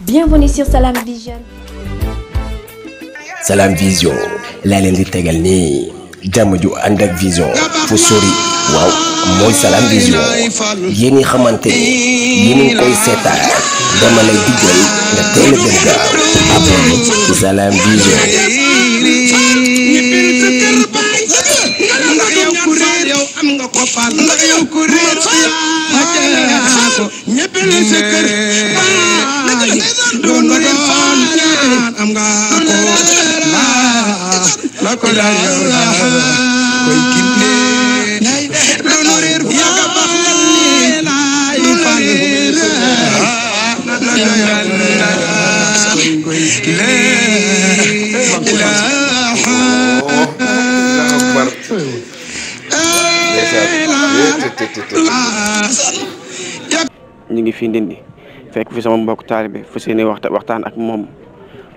Bienvenue sur Salam Vision. Salam laa leen di tegal nii jàmm ju ànd ak vision fu sori waaw mooy Salam Vision yéen xamante ni koy seetaan dama lay diggal nga teel a gën gaaw abonné ci Salam Vision. yow am nga ko faal ndax yow ku réer ma jëlee ko ñebe la sa kër doon nga doon faal am nga ko laal la ko laal yow koy kinde doon réer yàgg a baax nga laay faal la la la la ñu ngi fii Ndindi fekk fi sama mbokk taal fa seeni waxta waxtaan ak moom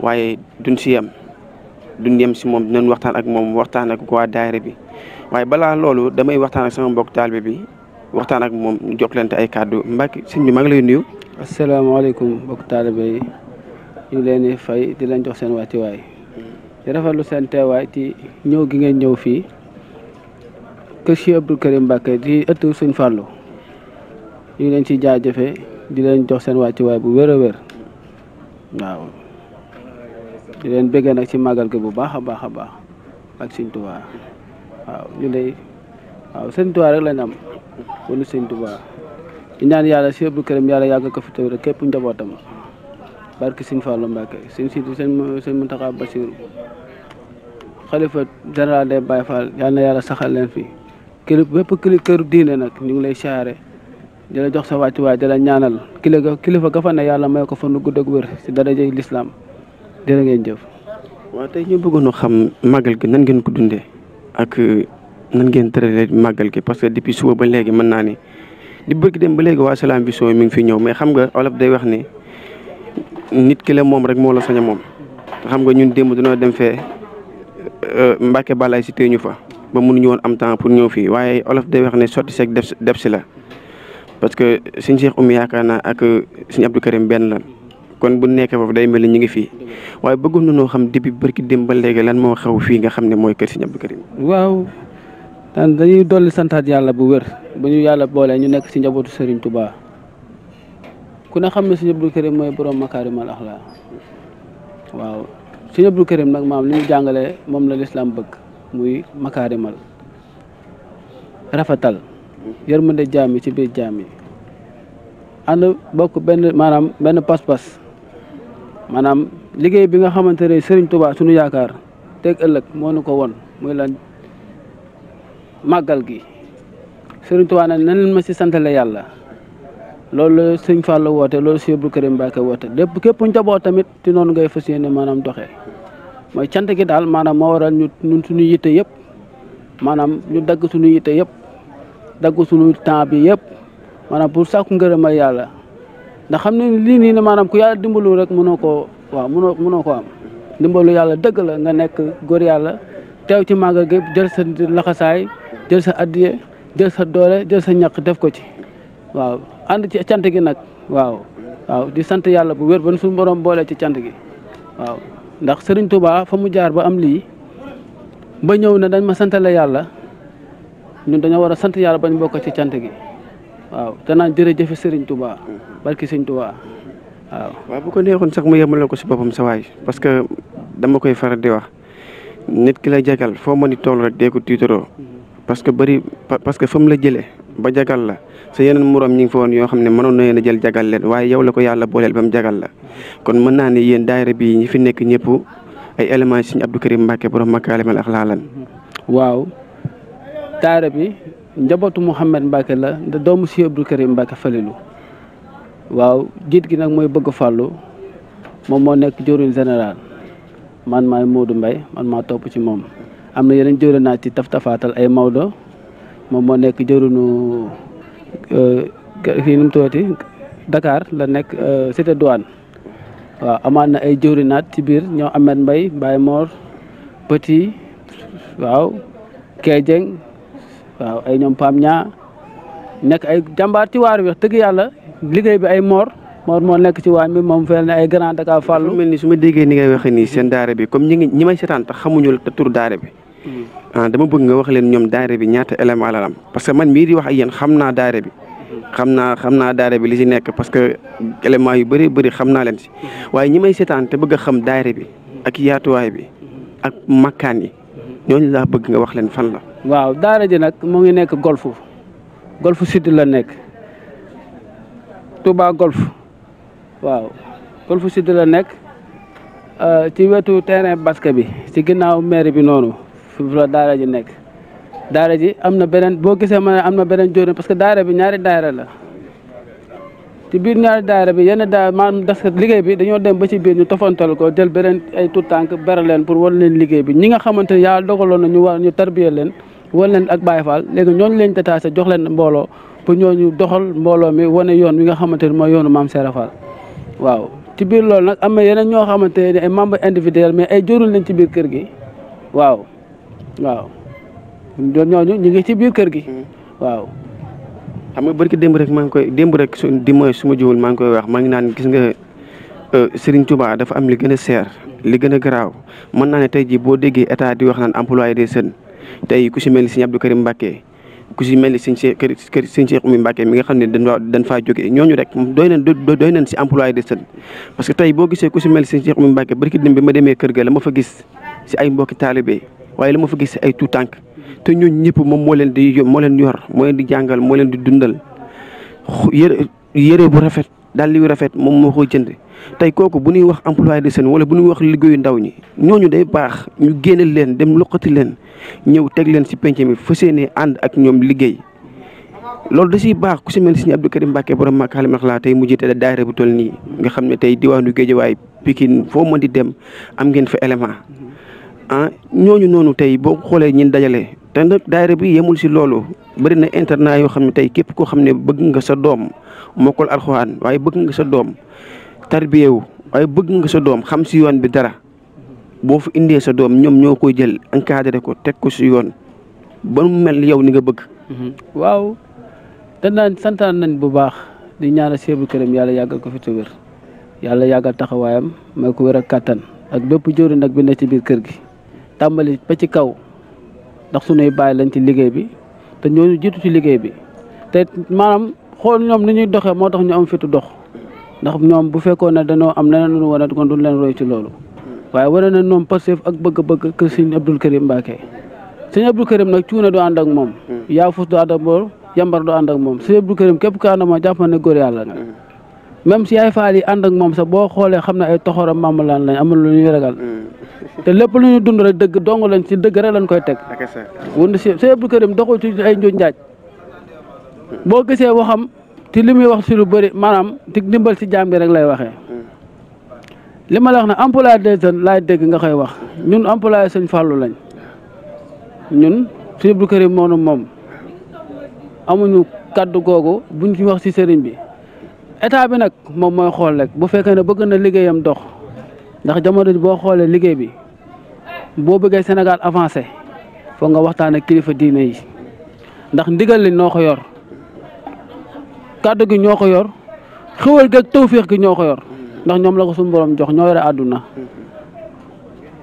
waaye duñ si yem duñ yem si moom dinañ waxtaan ak moom waxtaan ak waa daayira bi waaye balaa loolu damay waxtaan ak sama mbokk taalibe bi waxtaan ak moom ñu jokkalante ay kàddu Mbacke sëñ bi lay nuyu. asalaamaaleykum mbokk taalibe yi ñu ngi leen fay di leen jox seen wàccuwaay di rafetlu seen teewaay ci ñëw gi ngeen ñëw fii. kër Cheikh Abdou Karim Mbacké di ëttu Sëñ Fallou ñu ngi leen ci jaajëfee di leen jox seen wàccuwaay bu wér wér waaw di leen bëggee nag ci màggal gi bu baax a baax a baax ak Sëñ Tuubaa waaw ñu lay rek lañ am wala Sëñ Tuubaa di ñaan yàlla Cheikh Abdou Karim yàlla yàgg ko fi tawir rek képp njabootam barki Sëñ Fallou Mbacké sëñ Sidi sëñ sëñ Mountakha Bassirou xalifa général des Baye Fall yàlla saxal leen fii kër bépp kër diine nag ñu ngi lay siyaare di jox sa wàccuwaay di la ñaanal kilifa kilifa ga fa ne yàlla may ko fa nu gudd ak wér si darajay lislaam jërë ngeen jëf. waa tey ñu bëggoon a xam màggal gi nan ngeen ko dundee ak euh, nan ngeen tëralee màggal gi parce que depuis suba ba léegi mën naa ni di bëgg dem ba léegi waa Salam Vision mi ngi fi ñëw mais xam nga olof day wax ni nit ki moom rek moo la sañ a moom xam nga ñun démb dinoo dem fee euh, mbake Balaye si téye ñu fa. ba mënuñu woon am temps pour ñëw fii waaye olof day wax ne sotti seeg def def si la parce que sëñ Cheikh Oumy yaakaar naa ak sëñ Abdou benn la kon bu nekkee foofu day mel ni ñu ngi fii waaye bëggoon na noo xam depuis barki démb ba léegi lan moo xew fii nga xam ne mooy kër sëñ Abdou Karim. waaw daan dañuy dolli santaat yàlla bu wër bu ñu yàlla boolee ñu nekk si njabootu Serigne tubaa ku ne xam ne sëñ Abdou Karim mooy borom makaarimal axlaa waaw sëñ Abdou Karim nag maam li ñu jàngalee moom la lislaam bëgg. muy makaarimal rafetal yërmande jaam yi ci biir jàmmi yi bokk benn maanaam benn pas-pas maanaam liggéey bi nga xamante ne Serigne Touba sunu yaakaar teg ëllëg moo nu ko won muy la màggal gi Serigne Touba nag nan leen ma si santale yàlla loolu Serigne Fallou woote loolu Cheikh Abdou Karim Mbacké woote lépp képp njaboot tamit ci noonu ngay fas yéene maanaam doxee mooy cant gi daal maanaam moo waral ñu ñun suñu yitte yëpp maanaam ñu dagg suñu yitte yëpp dagg suñu temps bi yëpp maanaam pour sàkku ngërëmal yàlla ndax xam ne lii nii ne maanaam ku yàlla dimbalu rek mënoo koo waaw mënoo mënoo ko am dimbalu yàlla dëgg la nga nekk góor yàlla teew ci màggal gi jël sa laxasaay jël sa addiye jël sa doole jël sa ñaq def ko ci waaw ànd ci cant gi nag waaw waaw di sant yàlla bu wér ban suñu borom boole ci cant gi waaw ndax sëriñ Touba fa mu jaar ba am lii ba ñëw ne dañ ma santale yàlla ñun dañoo war a sant yàlla bañ bokk ci cant gi waaw danaa jërëjëfe sëriñ Touba barki sëriñ Touba waaw. waaw bu ko neexoon sax mu yemale ko si boppam sa waay parce que dama koy faral di wax nit ki la jagal foo man di toll rek dee ko tiitaroo parce que bëri parce que fa la jëlee. ba jagal la sa yeneen moroom ñi ngi fa woon yoo xam ne mënoon na leen a jël jagal leen waaye yow la ko yàlla booleel ba mu jagal la kon mën naa ne yéen daayira bii ñi fi nekk ñëpp ay éléments Serigne Abdou Karim Mbacke borom makaarimal axlaaq lan waaw bi njabootu Mouhamed Mbacke la da doomu Serigne Abdou Karim Mbacke Falilou waaw jiit gi nag mooy bëgg fàllu moom moo nekk jëwriñ général man maay Modou Mbaye man maa topp ci moom am na yenn jëwriñ naa ci taf tafaatal ay Maodo moom moo nekk jëruñu euh, fii nu mu tuddati Dakar la nekk euh, cité douane waaw amaan na ay jëwrinaat ci biir ñoo Amet Mbay mbaay Mor Petit waaw Keejeng waaw ay ñoom Pam ñaa nekk ay jàmbaar ci waar wi wax yàlla liggéey bi ay Mor Mor moo nekk ci waañ bi moom feel ne ay Grand Dakar fàllu mel ni ni ngay waxee seen daara bi comme ñi ngi ñi may xamuñu la te tur daara bi ah dama bëgg nga wax leen ñoom daayira bi ñaata élément la am parce que man mii di wax ak yéen xam naa daayira bi. xam naa xam naa daayira bi li ci nekk parce que élément yu bëri bëri xam naa leen si waaye ñi may seetaan te bëgg a xam daayira bi ak yaatuwaay bi ak makkaan yi ñooñu laa bëgg nga wax leen fan la. waaw daara ji nag mu ngi nekk golf golf sud la nekk Touba golf waaw golf sud la nekk ah, ci wetu terrain basket bi si ginnaaw mairie bi noonu. fi la daara ji nekk daara ji am na beneen boo gisee ma ne am na beneen joorin parce que daara bi ñaari daara la ci biir ñaari daara bi yenn daara maanaam das liggéey bi dañoo dem ba ci biir ñu tofantal ko jël beneen ay tout tànk beral leen pour wan leen liggéey bi ñi nga xamante yaa yàlla dogaloon na ñu war ñu tarbiya leen wan leen ak Baye Fall léegi ñooñu leen détaché jox leen mbooloo pour ñooñu doxal mbooloo mi wane yoon wi nga xamante ne mooy yoonu maam Serap Fall waaw. ci biir ñoo xamante ne ay membre individuel mais ay jurul lañ ci biir kër gi waaw doon ñooñu ñu ngi ci biir kër gi. Hmm. xam nga barki démb rek maa ngi koy démb rek su dimanche su ma jiwul maa ngi koy wax maa naan gis nga euh, Serigne Touba dafa am li gën a seer li gën a garaaw mën naa ne tey jii boo déggee état di wax naan employé des jeunes tey ku si mel ni Serigne Abdou Karim Mbacké ku si mel ni Serigne Cheikh kër Serigne Cheikh Oumy Mbacké mi nga xam ne dañ faa dañ faa jógee ñooñu rek doy nañ doy si employé des parce que tey boo gisee ku si mel ni Serigne Cheikh Oumy Mbacké ma demee kër ga la ma fa gis si ay mbokki taalibe waaye li ma fa gis ay tout tànk te ñooñu ñëpp moom moo leen di moo leen yor moo leen di jàngal moo leen di dundal yére bu rafet daal li rafet moom moo ko jënd tey kooku bu ñuy wax employé de seen wala bu ñuy wax liggéeyu ndaw ñi ñooñu day baax ñu génne leen dem loqati leen ñëw teg leen si penc mi fas yéenee ànd ak ñoom liggéey. loolu da si baax ku si mel ni Sëriñ Abdou Karim Mbacke borom Makaarim Axlaaq tey mu jiite da daayira bu toll nii nga xam ne tey diwaanu Géejawaay Pikine foo mën di dem am ngeen fa élément ah ñooñu noonu tey boo xoolee ñin dajale te nag daayira bi yemul si loolu bari na internat yoo xam ne tey képp koo xam ne bëgg nga sa doom mokkal alxuwaan waaye bëgg nga sa doom tarbiyewu waaye bëgg nga sa doom xam si yoon bi dara boo fi indee sa doom ñoom ñoo koy jël encadré ko teg ko si yoon ba mu mel ni yow ni nga bëgg. Mhm. waaw danaan santaan nañ bu baax di ñaar ñaanal seebu këram yàlla yàggal ko fi te wér yàlla yàggal taxawaayam may ko wér ak kàttan ak bépp jëwriñ nag bi ne ci biir kër gi. tàmbali ba ci kaw ndax sunuy bàyyi lañ ci liggéey bi te ñooñu jiitu ci liggéey bi te maanaam xool ñoom ni ñuy doxee moo tax ñu am fitu dox ndax ñoom bu fekkoon ne dañoo am leneen lu ñu wane kon duñ leen roy ci loolu waaye wane na ñoom Pastef ak bëgg-bëgg kër sëñ Abdou Karim Mbacké sëñ Abdou Karim nag cuune du ànd ak moom hmm. yaa fus du ànd ak moom yambar du ànd ak moom sëñ Abdou Karim képp ka ànd ak moom jàpp na ne góor yàlla nga hmm. même si yaay faal yi ànd ak moom sax boo xoolee xam na ay toxoram maamu laan lañ amul lu ñuy ragal. Mm. te lépp lu ñu dund rek dëgg dong lañ si dëgg rek lañ koy teg. ok c'est vrai wante si Sëñ Abdou Karim doxul ay njuñ gisee waxam ci li muy wax si lu bëri maanaam ci ndimbal si jaam bi rek lay waxee. Mm. li ma la wax ne emploi des jeunes laay dégg nga koy wax ñun employé Sëñ Fallou lañ ñun Sëñ Abdou Karim moonu moom amuñu kàddu googu buñ ci wax si sëriñ bi. état bi nag moom mooy xool rek bu fekkee ne bëgg na liggéeyam dox ndax jamono boo xoolee liggéey bi boo bëggee Sénégal avancé foog nga waxtaan ak kilifa diine yi ndax ndigal li noo ko yor kàddu gi ñoo ko yor xéwal geeg gi ñoo ko yor ndax ñoom la ko suñu jox ñoo yore àdduna.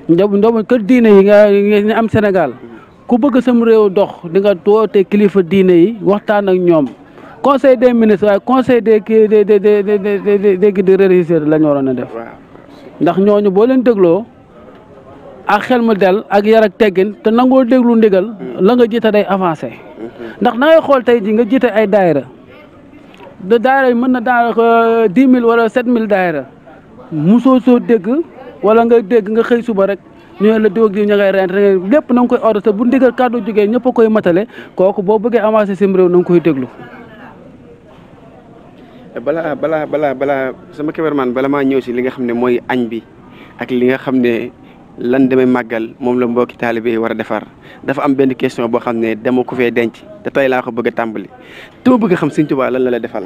njabu njabu kër diine yi nga ñu am Sénégal ku bëgg sam réew dox di nga kilifa diine yi waxtaan ak ñoom. conseil des ministres waaye conseil des kii des des des des des guides religieux la ñu waroon a def. ndax ñooñu boo leen dégloo ak xel mu del ak yarak ak teggin te nangoo déglu ndigal la nga jiite day avancé mhm. ndax da xool tey ji nga jiite ay daayira de daayira yi mën na daanaka euh, dix mille wala sept mille daayira musoo soo dégg wala nga dégg nga xëy suba rek ñu ne la diw ak diw ña ngay rent lépp na nga koy ordre te bu ndigal kàddu jógee ñëpp koy matale kooku boo bëggee avancé sim réew na nga koy déglu balaa balaa balaa balaa sama cameraman bala ñëw si li nga xam ne mooy añ bi ak li nga xam ne lan demee màggal moom la mbokki taalibe yi war a defar dafa am benn question boo xam ne dama ko fee denc te tey laa ko bëgg a tàmbali te ma bëgg xam Sëriñ Tuubaa lan la la defal.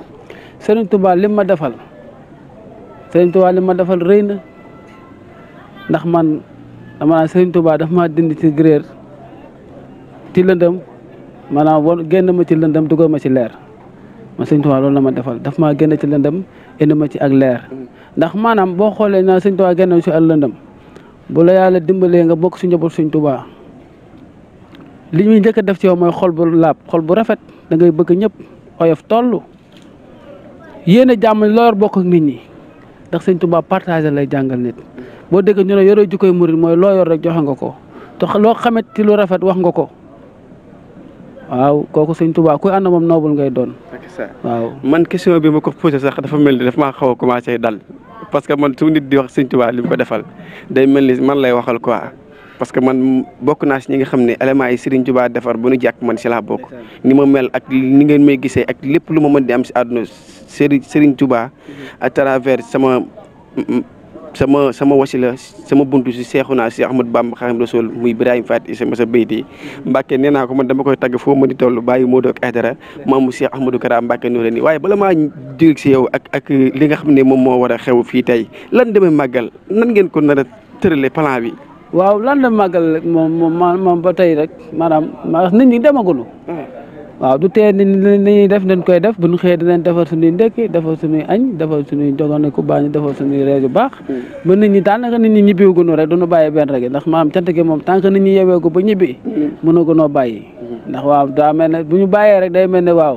Sëriñ Tuubaa lim ma defal Sëriñ Tuubaa ma defal rëy na ndax man dama naan Sëriñ tubaa dafa ma dindi ci réer ci lëndëm maanaam woon génn ma ci lëndëm dugal ci leer. man sëñ Tuubaa loolu la ma defal daf maa génn ci lëndëm indi ma ci ak leer ndax maanaam boo xoolee naa sëñ Tuubaa génn ci ak lëndëm bu la yàlla dimbalee nga bokk si njaboot sëñ Tuubaa li ñuy njëkk def ci yow mooy xol bu laab xol bu rafet dangay bëgg ñëpp oyof toll yéen a jàmm loor bokk ak ñi ndax sëñ Tuubaa partagé lay jàngal nit boo dégg ñu ne yoroo jikkoy murit mooy loo yor rek joxe nga ko te loo xamante ci lu rafet wax nga ko waaw kooku sëñ Tuubaa ku ànd moom noobul ngay doon. waaw man question bi ma ko posé sax dafa mel ni daf maa xaw a commencé dal parce que man su nit di wax sëñ Tuubaa li ko defal day mel ni man lay waxal quoi. parce que man bokk naa si ñi nga xam ne éléments yi Serigne Touba defar ba nu jàkk man si laa bokk ni ma mel ak ni ngeen may gisee ak lépp lu ma mën di am si àdduna Serigne Serigne Touba mhm. à travers sama sama sama wasila sama buntu si seexunaa si Ahmad Bamba Xaadimu Rasuul muy Ibrahima Faty Issa sa Beyti Mbàkke nee naa ko man dama koy tagg foo ma di ba bàyyi moo doog Aydara maamu Cheikh Ahmadou Kara Mbàkke noonu nii waaye bala maa dégg si yow ak ak li nga xam ne moom moo war a xew fii tey lan demee màggal nan ngeen ko nar a tëralee plan bi. waaw lan la màggal moom moom moom ba tey rek maanaam nit ñi demaguñu. Ah. waaw du tee ni ñuy def dañ koy def bu ñu xëyee dinañ defar suñuy ndekki defar suñuy añ defar suñuy jogone ku baax ñu defar suñuy reer yu baax hmm. ba nit ñi daanaka nit ñi ñibbiwuguñu rek duñu bàyyi benn rek ndax maam cant gi moom tant que nit ñi yeweeku ba ñibbi hmm. mënagunoo bàyyi hmm. ndax waaw daa mel bu ñu bàyyee rek day mel ne waaw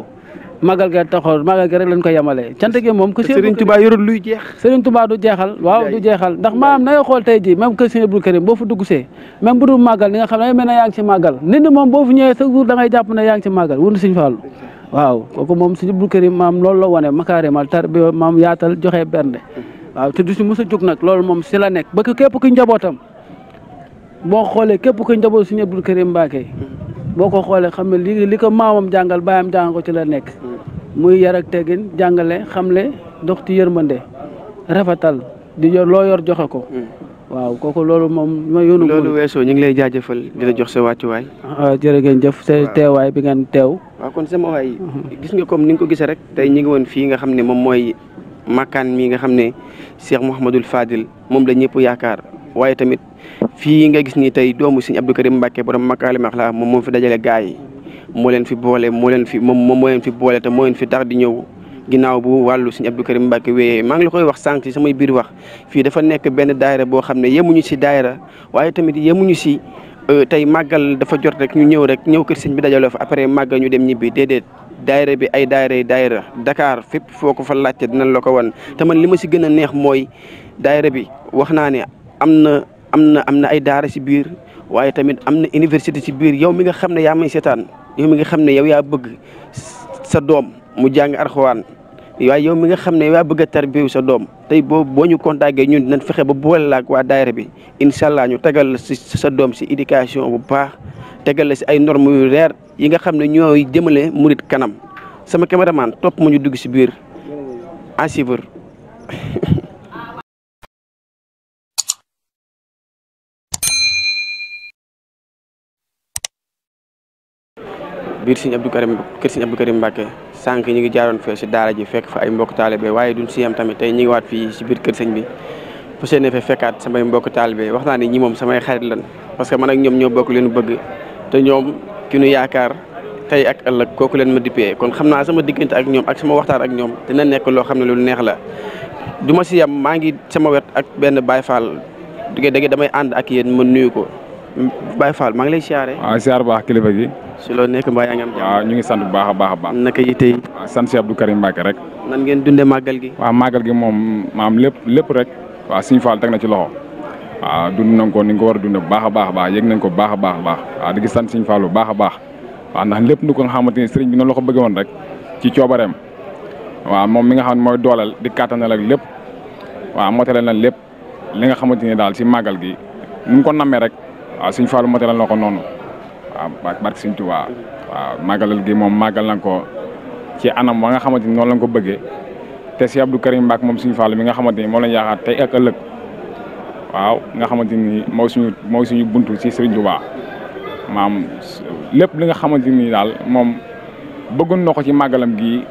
magal ga taxoon magal ga rek lañ ko yemale cant gi moom ko Serigne Touba yorul luy jeex Serigne Touba du jeexal waaw du jeexal ndax maanaam na nga xool tey ji même que Serigne Abdou Karim boo fa dugg see même bu dul li na yaa ngi ci màggal nit ñi moom boo fu ñëwee chaque jour da ngay jàpp ne yaa ngi ci moom Serigne Abdou maam loolu la wone makaarimal tarbiya maam yaatal joxe bernde waaw te du si mos a nag loolu moom si la nekk ba képp ku njabootam boo xoolee képp ku njaboot Serigne Abdou Karim Mbacké boo ko xoolee xam ne li li ko maamam jàngal baayam jàngal ko ci la nekk muy yar ak teggin xam le dox ci yërmande rafetal di yor loo yor joxe ko. Hmm. waaw kooku loolu moom ma yoonu. loolu weesoo ñu ngi lay jaajëfal di la jox se wàccuwaay. Ah, jërë ngeen jëf te teewaay bi ngeen teew. waaw kon sama waay hmm. gis nga comme ni nga ko gisee rek tey ñu ngi woon fii nga xam ne moom mooy makkaan mi nga xam ne Cheikh Mouhamadul Fadil moom la ñëpp yaakaar waaye tamit fii nga gis ni tey doomu Serigne Abdou Karim Mbacke borom Makaarimul Axlaaq moom moom fi dajale gaa yi. moo leen fi boole moo leen fi moom moom moo leen fi boole te moo leen fi tax di ñëw ginnaaw bu wàllu Sëriñ Abdou Karim Mbacke wéyee maa ngi la koy wax sànq ci samay biir wax fii dafa nekk benn daayira boo xam ne yemuñu si daayira waaye tamit yemuñu si euh, tey màggal dafa jot rek ñu ñëw rek ñëw kër sëñ bi dajaloo fa après màggal ñu dem ñibbi déedéet daayira bi ay daayira yi dakaar Dakar fépp foo ko fa laajte dinañ la ko wan te man li ma si gën a neex mooy daayira bi wax naa ne am na am na am na ay daara si biir waaye tamit am na université si biir yow mi nga xam ne yaa may seetaan yow mi nga xam ne yow yaa bëgg sa doom mu jàng arxuwaan waaye yow mi nga xam ne yaa bëgg a sa doom tey boo boo ñu contacté ñun dinañ fexe ba boole la waa daayira bi incha allah ñu tegal la si sa doom si éducation bu baax tegal la si ay normes yu leer yi nga xam ne ñooy jëmale murit kanam sama caméraman topp mu ñu dugg si biir à biir sëñ Abdou Karim kër sëñ Abdou Karim ngi jaaroon fee si daara ji fekk fa ay mbokk taalibe waaye duñ si yem tamit tey ñu ngi waat fii si biir kër sëñ bi fas yéene fee fekkaat samay mbokk taalibe wax naa ne ñi moom samay xarit lan parce que man ak ñoom ñoo bokk leen bëgg te ñoom ki nu yaakaar tey ak ëllëg kooku leen ma dippee kon xam naa sama diggante ak ñoom ak sama waxtaan ak ñoom dina nekk loo xam ne lu neex la du ma si yem maa ngi sama wet ak benn Baye Fall dugge dëgg damay ànd ak yéen ma nuyu ko Baye maa ngi lay siyaare waaw siyaar baax kilifa gi si loo nekk mbaa yaa ngi ñu ngi sant bu baax a baax a baax. naka yi tey. waaw sant si Abdou rek. nan ngeen dundee màggal gi. waaw màggal gi moom maam lépp lépp rek. waaw Sëñ Fall teg na ci loxo. waaw dund nañ ko ni nga ko war a dundee bu baax a baax a baax yëg nañ ko bu baax a baax a baax waaw di ngi sant Sëñ Fall bu baax a baax. waaw ndax lépp nu ko nga xamante bi noonu la ko bëggee woon rek ci coobareem waaw moom mi nga xam ne mooy dooleel di kàttanal ak lépp waaw motaleel na lépp li nga xamante ni daal si màggal gi ni mu ko nammee rek waaw Sëñ Fall motaleel na ko noonu waaw barke Sëñ Tuubaa waaw màggalal gi moom màggal na ko ci anam wa nga xamante ni noonu lañ ko bëggee te si Abdou Karim Mbacke moom suñu Fallu mi nga xamante ni moom lañ yaakaar tey ak ëllëg nga xamante ni mooy suñu mooy suñu buntu si Sëriñ Tuubaa maam lépp li nga xamante ni daal moom bëggoon na ko ci màggalam gi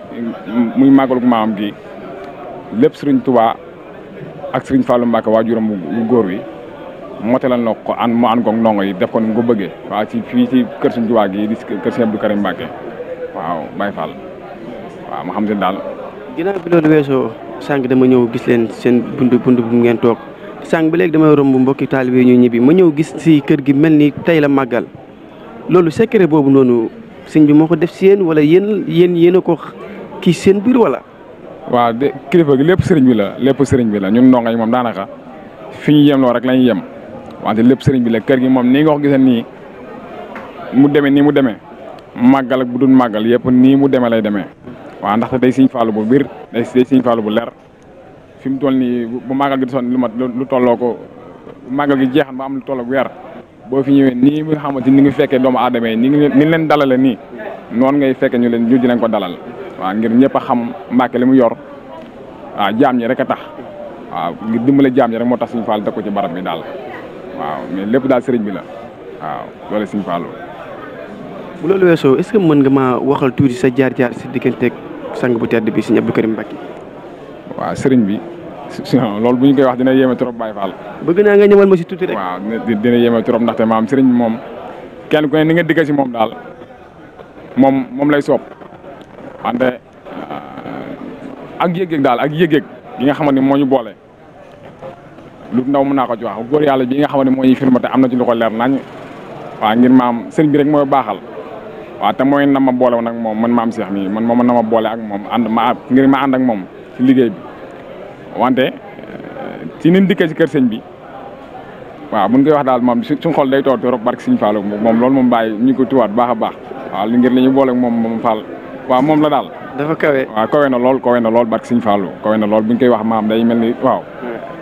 muy màggalug maamam gi lépp Sëriñ tuba ak Sëriñ Fallu Mbacke waajuram bu góor wi motalal na ko an mu ànd koog ndongo yi def ko ni ko bëggee waaw ci fii ci kër Sëriñ Tuubaa gi di kër Sëriñ Abdou Karim waaw ma xam ne daal. ginnaaw dama ñëw gis leen seen buntu buntu bu ngeen toog sànq ba léegi damay romb mbokki taalibe yi ñuy ma ñëw gis si kër gi mel ni tey la màggal loolu secret boobu noonu sëñ bi moo ko def si yéen wala yéen yéen yéen a ko kii seen biir wala. waaw de kilifa gi lépp sëriñ bi la lépp sëriñ bi la ñun ndongo yi moom daanaka fi ñu yemloo rek la ñu yem wante lépp sëriñ bi la kër gi moom nii nga ko gisee nii mu demee nii mu demee màggal ak bu dul màggal yëpp nii mu demee lay demee waaw ndaxte day siñ faalu bu biir day siñ faalu bu leer fi mu toll nii bu màggal gi doon lu mat lu tolloo ko màggal gi jeexan ba am lu tolloo weer boo fi ñëwee nii nga xamante ni ngi fekkee doomu aadama yi ni ngi leen dalale nii noon nga ngay fekkee ñu leen ñu dinañ ko dalal waaw ngir ñëpp a xam Mbàkke li mu yor waaw jaam ñi rek a tax waaw ngir dimbale jaam rek moo tax suñu faal teg ci barab bi daal waaw mais lépp daal sëriñ bi la waaw loolu suñu fàllu bu loolu weesoo est ce que mën nga maa waxal tuuti sa jaar-jaar si digganteeg sang bu tedd bi sëriñ Abdou Karim Mbacké. waaw sëriñ bi loolu bu ñu koy wax dina yéeme trop Baye Fall. bëgg naa nga ñëwal ma si tuuti rek. waaw dina dina yéeme trop ndaxte maam sëriñ bi moom kenn ku ne ni nga digg si moom daal moom lay soob. wante ah, ak yëg-yëg daal ak yëg-yëg yi nga xamante ni moo ñu boole. lu ndaw mën naa ko ci yàlla bi nga xam ne moo ñuy firmé te am maam sëriñ bi rek mooy baaxal waaw te mooy na ma boole woon moom man maam seex mi man moom na ma boole ak moom ànd ma ngir ma ànd ak moom si liggéey bi wante eh, ci ni mu ci kër sëñ bi waaw buñ koy wax daal moom suñ xol day toog trop barke sëñ Fallou moom loolu moom bàyyi ñu ko tuwaat baax a baax waaw li ngir li boole moom moom Fall waaw moom la daal. dafa kawe waaw kawe na lool kawe na lool barke sëñ Fallou kawe na lool buñ koy wax maam day mel ni waaw.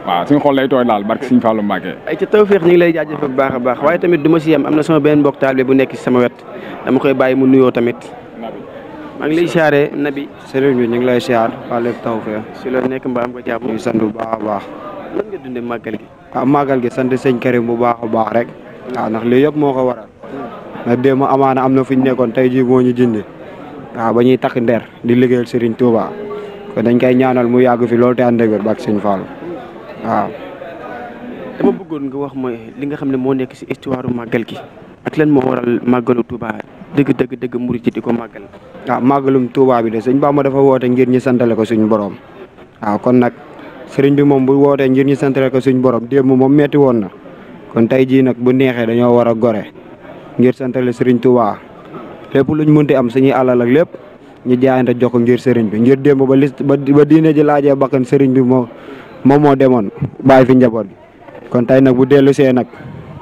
waaw suñu xol lay tooy laal barke Sëriñ Fallou Mbacké ay ca tawféex ñu ngi lay jaajëfal bu baax a baax waaye tamit du ma si yem am na sama benn mbokk taalibe bu nekk sama wet dama koy bàyyi mu nuyoo tamit maa ngi lay siyaare nabi sëriñ bi ñu ngi lay siyaar wàllu tawféex si la nekk mbaam nga jàpp ñu sant bu baax a baax lan nga gi ah gi sant sëñ Karim bu baax a baax rek waaw ah, ndax lii yëpp moo ko waral ndax démb amaana am na fu ñu nekkoon tey jii moo ñu jindi waaw ah, ba ñuy takk ndeer di liggéeyal Serigne Touba kon dañ koy ñaanal mu yàgg fi loolu te ànd ak wér bak waaw. dama bëggoon nga wax mooy li nga xam ne moo nekk ci histoire màggal gi ak lan moo waral màggalu Touba dëgg dëgg dëgg murit di ko màggal. waaw màggalum Touba bi de sëñ Bamba dafa woote ngir ñu santale ko suñu boroom waaw kon nag sëriñ bi moom bu wootee ngir ñu santale ko suñu borom démb moom metti woon na kon tey jii nag bu neexee dañoo war a gore ngir santale sëriñ Touba lépp luñ te am suñuy alal ak lépp. ñu jaayante jox ko ngir sëriñ bi ngir démb ba list ba diine ji laajee bakkan sëriñ bi moo moom moo demoon bàyyi fi njaboot gi kon tey nag bu dellu see nag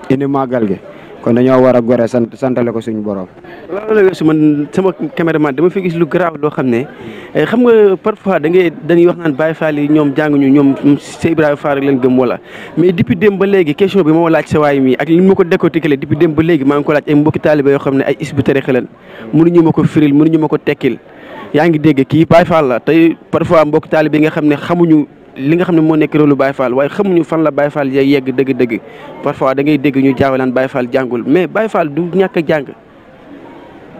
indi màggal gi kon dañoo war a gore sant santale ko suñu borom. loolu la weesu man sama caméraman dama fi gis lu garaaw loo xam ne eh, nga da wax naan Baye Fall yi ñoom jànguñu ñoom Cheikh Ibrahima Fall leen gëm wala mais depuis démb ba ma ko décortiquer depuis ba léegi maa ngi ko laaj ay mbokki taalibe xam ne ay isbu tarixa ma ko firil mënuñu ma ko tekkil yaa ngi dégg kii Baye nga xam ne xamuñu li nga xam ne moo nekk rôle lu Baye Fall waaye ñu fan la Baye Fall yay yegg dëgg-dëgg parfois da ngay dégg ñu jaawalaan Baye Fall jàngul mais Baye Fall du ñàkk a jàng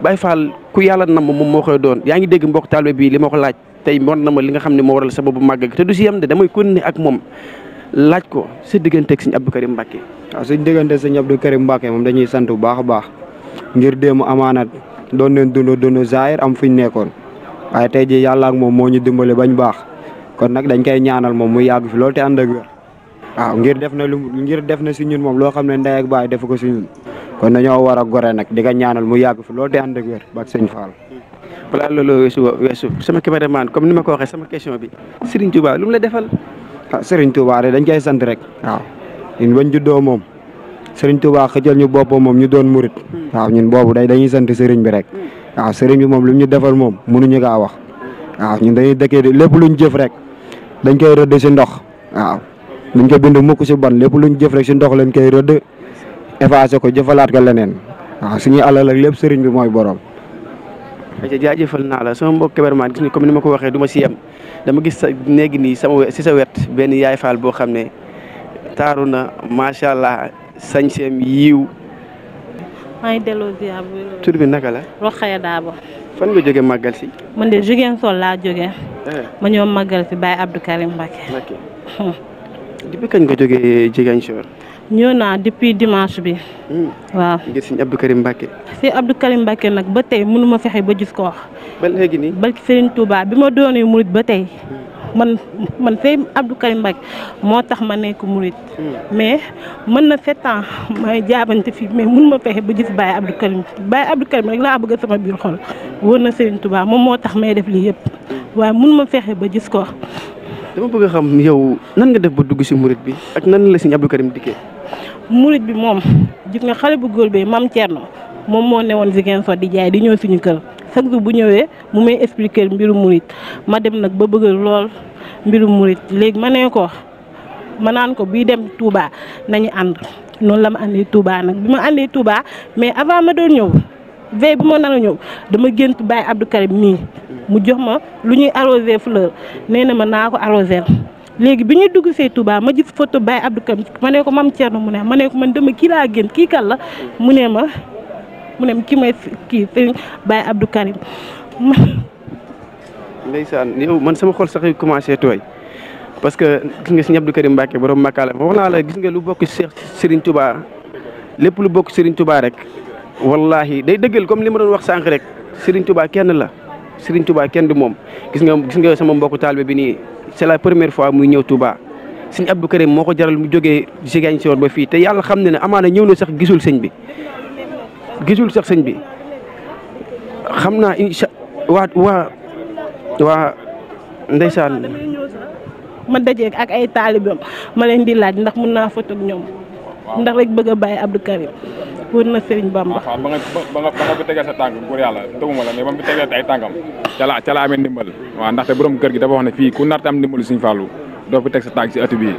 Baye Fall ku yàlla nam moom moo koy doon yaa ngi dégg mbokk taalibe bii li ko laaj tey mën ma li nga xam ne moo waral sababu màgg te du si yem de damay continuer ak moom laaj ko sa digganteeg sëñ Abdou Karim Mbacke. waaw suñ diggante sëñ Abdou Karim Mbacke moom dañuy sant bu baax a baax ngir déemu amaana doon leen dund dund zaahir am fuñ nekkoon waaye tey jii yàlla ak moom moo ñu dimbale bañ baax kon nag dañ koy ñaanal moom mu yàgg fi loolu te ànd ak wér waaw ngir def na lu ngir def na si ñun moom loo xam ne ndey ak baay def ko si ñun kon dañoo war a gore nag di ko ñaanal mu yàgg fi lool te ànd ak ba sëñ Fall. balaa loolu weesu weesu sama cameraman comme ni ma ko waxee sama question bi Serigne Touba lu mu la defal. ah Serigne Touba de dañ koy sant rek. waaw ñun bañ juddoo moom Serigne Touba ñu boppam moom ñu doon murit. waaw ñun boobu day dañuy sant Serigne bi rek. waaw Serigne bi moom lu ñu defal moom ñu kaa wax. waaw ñu dañuy dëkkee lépp lu ñu jëf rek. dañ koy rëdd si ndox waaw duñ ko bind mukk si ban lépp luñ jëf rek si ndox lañ koy rëdd effacé ko jëfalaat ko leneen waaw suñuy alal ak lépp sëriñ bi mooy borom. rajo jaajëfal naa la sama mbokk Kébermaan gis ni comme ni ma ko waxee du si yem dama gis sa néegi nii sama si sa wet benn yaay faal boo xam ne taaru na macha allah sañseem yiiw. maa ngi bi naka la. fan nga jóge màggal si. man de jugeen sol laa jóge eh. ma ñëw màggal si Baye Abdou Karim Mbacké. depuis kañ nga jógee Ziguinchor. ñëw naa depuis dimanche bi. Hmm. waaw ngir sëñ Abdou Karim Mbacké. si Abdou Karim Mbacké nag ba tey mënu ma fexe ba gis ko ba léegi nii. barke Serigne Touba bi ma doonee murit ba tey. Hmm. man man Serigne Abdou Karim moo tax ma nekk murit hmm. mais mën na sept ans may jaabante fii mais mun ma fexe ba gis baay Abdou Karim Baye Abdou Karim rek laa bëgg sama biir xol wóor na Serigne moom moo tax may def lii yëpp waaye mun ma fexe ba gis ko. dama bëgg a xam yow nan nga def ba dugg si murit bi ak nan la Serigne Abdou Karim dikkee. murit bi moom gis nga xale bu góor bee Mame Thierno moom moo newoon Ziguinchor di jaay di ñëw suñu kër. chaque jour bu ñëwee mu may expliquer mbiru murit ma dem nag ba bëgg lool mbiru murit léegi ma ne ko ma naan ko bii dem Touba nañu ànd noonu la ma àndee Touba nag bi ma àndee Touba mais avant ma doon ñëw veille bi ma nar a ñëw dama gént bay Abdou Karim mii mu jox ma lu ñuy arrosé fleur nee na ma naa ko arrosé léegi bi ñuy dugg see Touba ma gis photo bàyyi Abdou Karim ma ne ko mam Thierno mu nee ma ne ko man dama kii laa gént kii kan la mu nee ma. mu ne ki may kii Serigne Baye Abdou Karim. ndeysaan yow man sama xol sax yu commencé tooy parce que gis nga Serigne Abdou Karim Mbacke borom makkaale wax naa la gis nga lu bokk Cheikh Serigne Touba lépp lu bokk Serigne Touba rek. wallahi day dëggal comme li ma doon wax sànq rek Serigne Touba kenn la Serigne Touba kenn du moom gis nga gis nga sama mbokku taal bi nii c'est la première fois muy ñëw Touba. sëñ Abdou Karim moo ko jaral mu ji jógee Ziguinchor ba fii te yàlla xam na ne amaana ñëw na sax gisul sëñ bi gisul sax sëñ bi xam naa incha waa waa waa ndeysaan ma dajeeg ak ay taalibeem ma leen di laaj ndax mun naa foto ak ñoom ndax rek bëgg a bàyyi Abdou Karim wër na Serigne Bamba. waaw ba nga la mais mu ay tànkam ca la ca la amee ndimbal waaw ndaxte borom kër gi dafa wax ne fi ku nar tam ndimbalu Serigne Fallou doo fi teg sa tànk si ëtt bii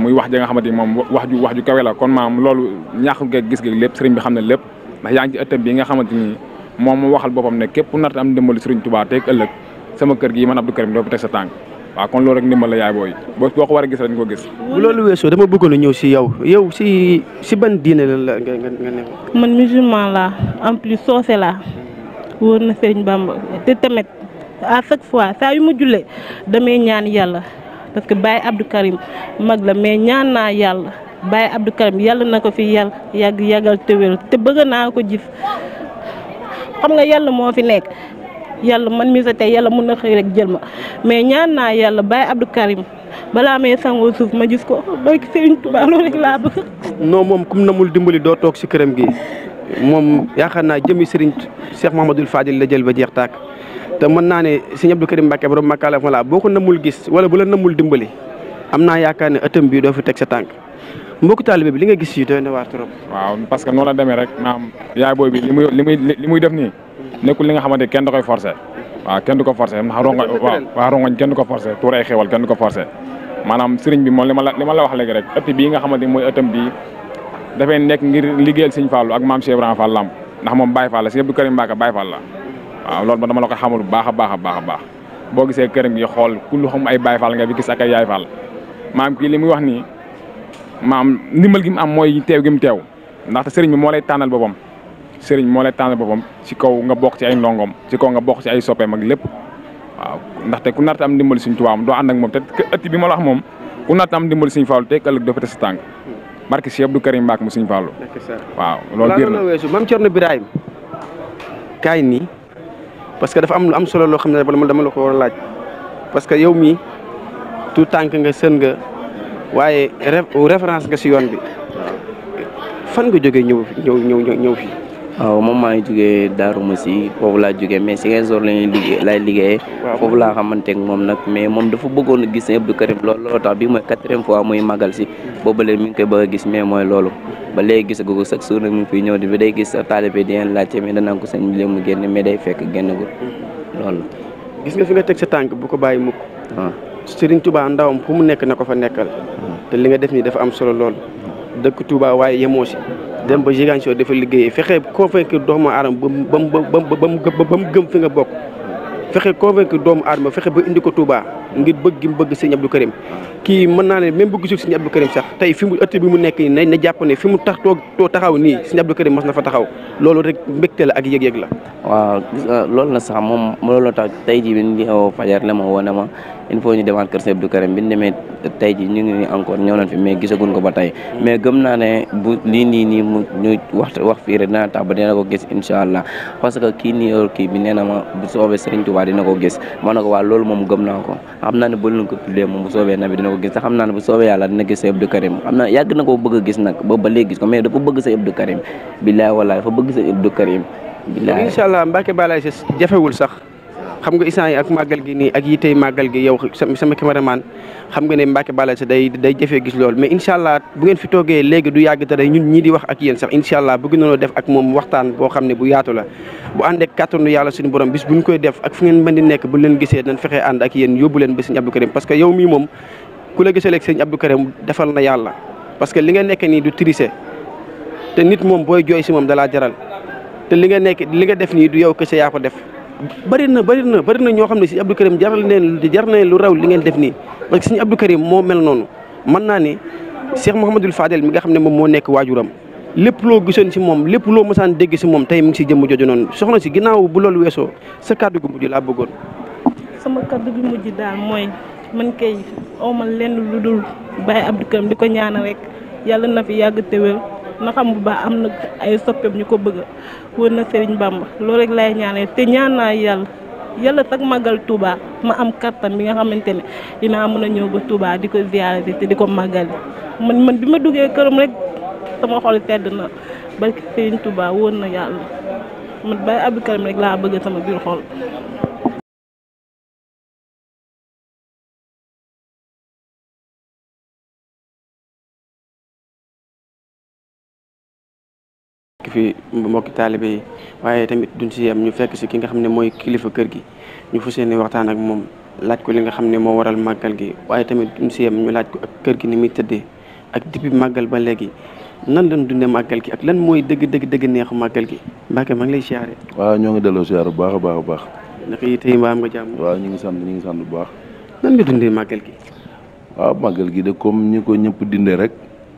muy wax ja nga xamante ni moom wax ju wax ju kawe la kon maam loolu ñàkk geeg gis-geeg lépp Serigne bi xam ne lépp. ndax yaa ngi ci ëttam bi xamante ni moom mu waxal boppam ne képp nart am ndimbalu Sëriñ Tuubaa tey ëllëg sama kër gi man Abdou Karim doo ko teg sa tànk waaw kon loolu rek ndimbal la yaay booy boo boo ko war a gis dañ ko gis. bu loolu weesoo dama bëggoon a ñëw si yow yow si si ban diine la nga nga nga ne. man musulman la en plus soose la wóor na Sëriñ Bamba te tamit à chaque fois saa yu ma jullee damay ñaan yàlla parce que Baye Abdou Karim mag la mais ñaan naa yàlla. Baye Abdou Karim yàlla na ko fi yal yàgg yàggal te te bëgg naa ko jëf xam nga yàlla moo fi nekk yàlla man mi sa tey yàlla mun na xëy rek jël ma mais ñaan naa yàlla Baye Abdou Karim balaa may sangoo suuf ma gis ko barki Serigne Touba loolu rek laa bëgg. non moom kum namul dimbali doo toog si këram gi moom yaakaar naa jëmi Serigne Cheikh Mahamadul Fadil la jël ba jeex tàkk te mën naa ne Serigne Abdou Karim Mbacké borom Makala Fala boo ko namul gis wala bu la namul dimbali am naa yaakaar ne ëttam bi doo fi teg sa tànk. mbokk taalibe bi li nga gis yi doy na waar trop. waaw parce que noonu la demee rek naam yaay booy li muy def nii nekkul nga xamante kenn da koy forcer waaw kenn du ko forcer ndax rongoñ waaw ko forcer tuur ay xéwal kenn du ko forcer maanaam sëriñ bi moom li ma la li ma la wax léegi rek ëtt bii nga xamante mooy ëttam bii dafay nekk ngir liggéeyal sëñ Fallou ak maam Cheikh Ibrahima Fall Lamp ndax moom Baye Fall la Cheikh Abdou Karim Mbacké Baye Fall la waaw loolu ba dama la ko xamal bu baax a baax a baax a baax boo gisee këram gi xool ku lu xam ay Baye Fall nga bi gis ak ay Yaay Fall maam kii maam ndimbal gi mu am mooy teew gi mu teew ndaxte sëriñ bi moo lay tànnal boppam sëriñ moo lay tànnal boppam si kaw nga bokk ci ay ndongoom ci kaw nga bokk ci ay soppeem ak lépp waaw ndaxte ku narta am ndimbal suñ tubaab doo ànd ak moom te ëtt bi ma wax moom ku narta am ndimbal suñ faalu te ëllëg dafa te sa tànk barke Cheikh Abdou Karim Mbacke mu suñ faalu waaw loolu biir na weesu maam Thierno Birahim kaay nii parce que dafa am lu am solo loo xam ne dama la ko war a laaj parce que yow mii tout tànk nga sën nga waaye référence nga si yoon bi fan nga jógee ñëw ñëw ñëw ñëw fii. waaw moom maa ngi jógee Darou Moussi foofu laa jógee mais si ngeen soor lañuy liggéey laay liggéeyee. laa xamante ne moom nag mais moom dafa bëggoon a gis ne Abdou Karim tax bi mooy quatrième fois muy magal si. boobu léegi mi ngi koy gis mais mooy loolu. ba léegi gisagu ko chaque jour nag mu ngi ñëw di ba day gis sa taalibe di leen laajte mais danaa ko sëñ bi mu génn mais day fekk génnagul loolu. gis nga fi nga teg sa tànk bu ko bàyyi mukk. Ah. Serigne Touba ndawam fu mu nekk na ko fa nekkal te li nga def nii dafa am solo lool dëkk Touba waaye yemoo si dem ba Ziguinchor dafa liggéeyee fexe convaincre doomu aadama ba mu ba mu gëm fi nga bokk fexe convaincre doomu aadama fexe ba indi ko Touba ngir bëgg gi mu bëgg sëñ Abdou kii mën naa ne même bu gisul si Abdou Karim sax tey fi mu ëtt bi mu nekk nii nañ na jàpp ne fi mu tax too taxaw nii sëñ Abdou Karim mas na fa taxaw loolu rek mbégte la ak yëg-yëg la. waaw loolu la sax moom loolu la tax tey jii bi ñu ma il faut ñu demaat kër Sëñ Abdou Karim bi ñu demee tey ji ñu ngi nii encore ñëw nañ fi mais gisaguñ ko ba tey mais gëm bu lii nii nii mu ñu wax wax fii rek dina tax ba dina ko gis incha allah parce que kii nii yor bi nee na ma bu soobee Serigne Touba dina ko gis ma ne ko waa loolu moom gëm naa ko xam naa ne bu ñu ko tuddee moom bu soobee nabi dina ko gis te xam naa ne bu soobee yàlla dina gis Sëñ Abdou Karim xam na ko bëgg a gis nag ba ba léegi gis ko mais dafa bëgg Sëñ Abdou Karim billaay wallaay dafa bëgg Sëñ Abdou Karim billaay incha allah Mbacke sax xam nga instant yi ak màggal gi nii ak yitey màggal gi yow sama caméraman xam nga ne Mbacke Balla day day jafee gis lool mais incha allah bu ngeen fi toogee léegi du yàgg te day ñun ñii di wax ak yéen sax incha allah bëgg nañoo def ak moom waxtaan boo xam ne bu yaatu la bu ànd ak kàttanu suñu borom bis buñ koy def ak fu ngeen mën di nekk bu leen gisee nañ fexee ànd ak yéen yóbbu leen ba sëñ Abdou Karim parce que yow mii moom ku la gisee léegi sëñ Abdou Karim defal na yàlla parce que li nga nekk nii du tricher te nit moom booy jooy si moom dalaa jaral te li nga nekk li nga def nii du yow kese yaa ko def bëri na bëri na bëri na ñoo xam ne sëñ Abdou Karim jaral neen jar na lu raw li ngeen def nii parce que sëñ Abdou Karim moo mel noonu mën naa ne Cheikh Mouhamadul Fadel mi nga xam ne moom moo nekk waajuram lépp loo gisoon si moom lépp loo mosaan dégg si moom tey mu ngi si jëmm jooju noonu soxna si ginnaaw bu loolu weesoo sa kàddu gu mujj laa bëggoon. sama kàddu gu mujj daal mooy man kay aw ma lenn lu dul bàyyi Abdou Karim di ko ñaanal rek yàlla na fi yàgg te na xam bu am na ay soppeem ñu ko bëgg wër na Serigne Bamba loolu rek laay ñaanee te ñaan naa yàlla yàlla tak màggal tubaa ma am kattan bi nga xamante ne dinaa mën a ñëw ba Touba di ko ziyaare te di ko màggal man man bi ma duggee këram rek sama xol sedd na barke Serigne tubaa wóor na yàlla man bay abi këram rek laa bëgg sama biir xol. fi mbokki taalibe yi waaye tamit duñ si yem ñu fekk si ki nga xam ne mooy kilifa kër gi ñu fas yéene waxtaan ak moom laaj ko li nga xam ne moo waral màggal gi waaye tamit duñ si yem laaj ko ak kër gi ni muy tëddee ak depuis màggal ba léegi nan lañ dundee màggal gi ak lan mooy dëgg dëgg dëgg neexu màggal gi Mbacke maa lay siyaare. waaw ñoo ngi delloo siyaare bu baax a baax a baax. naka yi tey mbaam nga jàmm. waaw ñu ngi sant ñu ngi sant bu baax. nan nga màggal gi. waaw màggal gi de comme ñi ko ñëpp dindee rek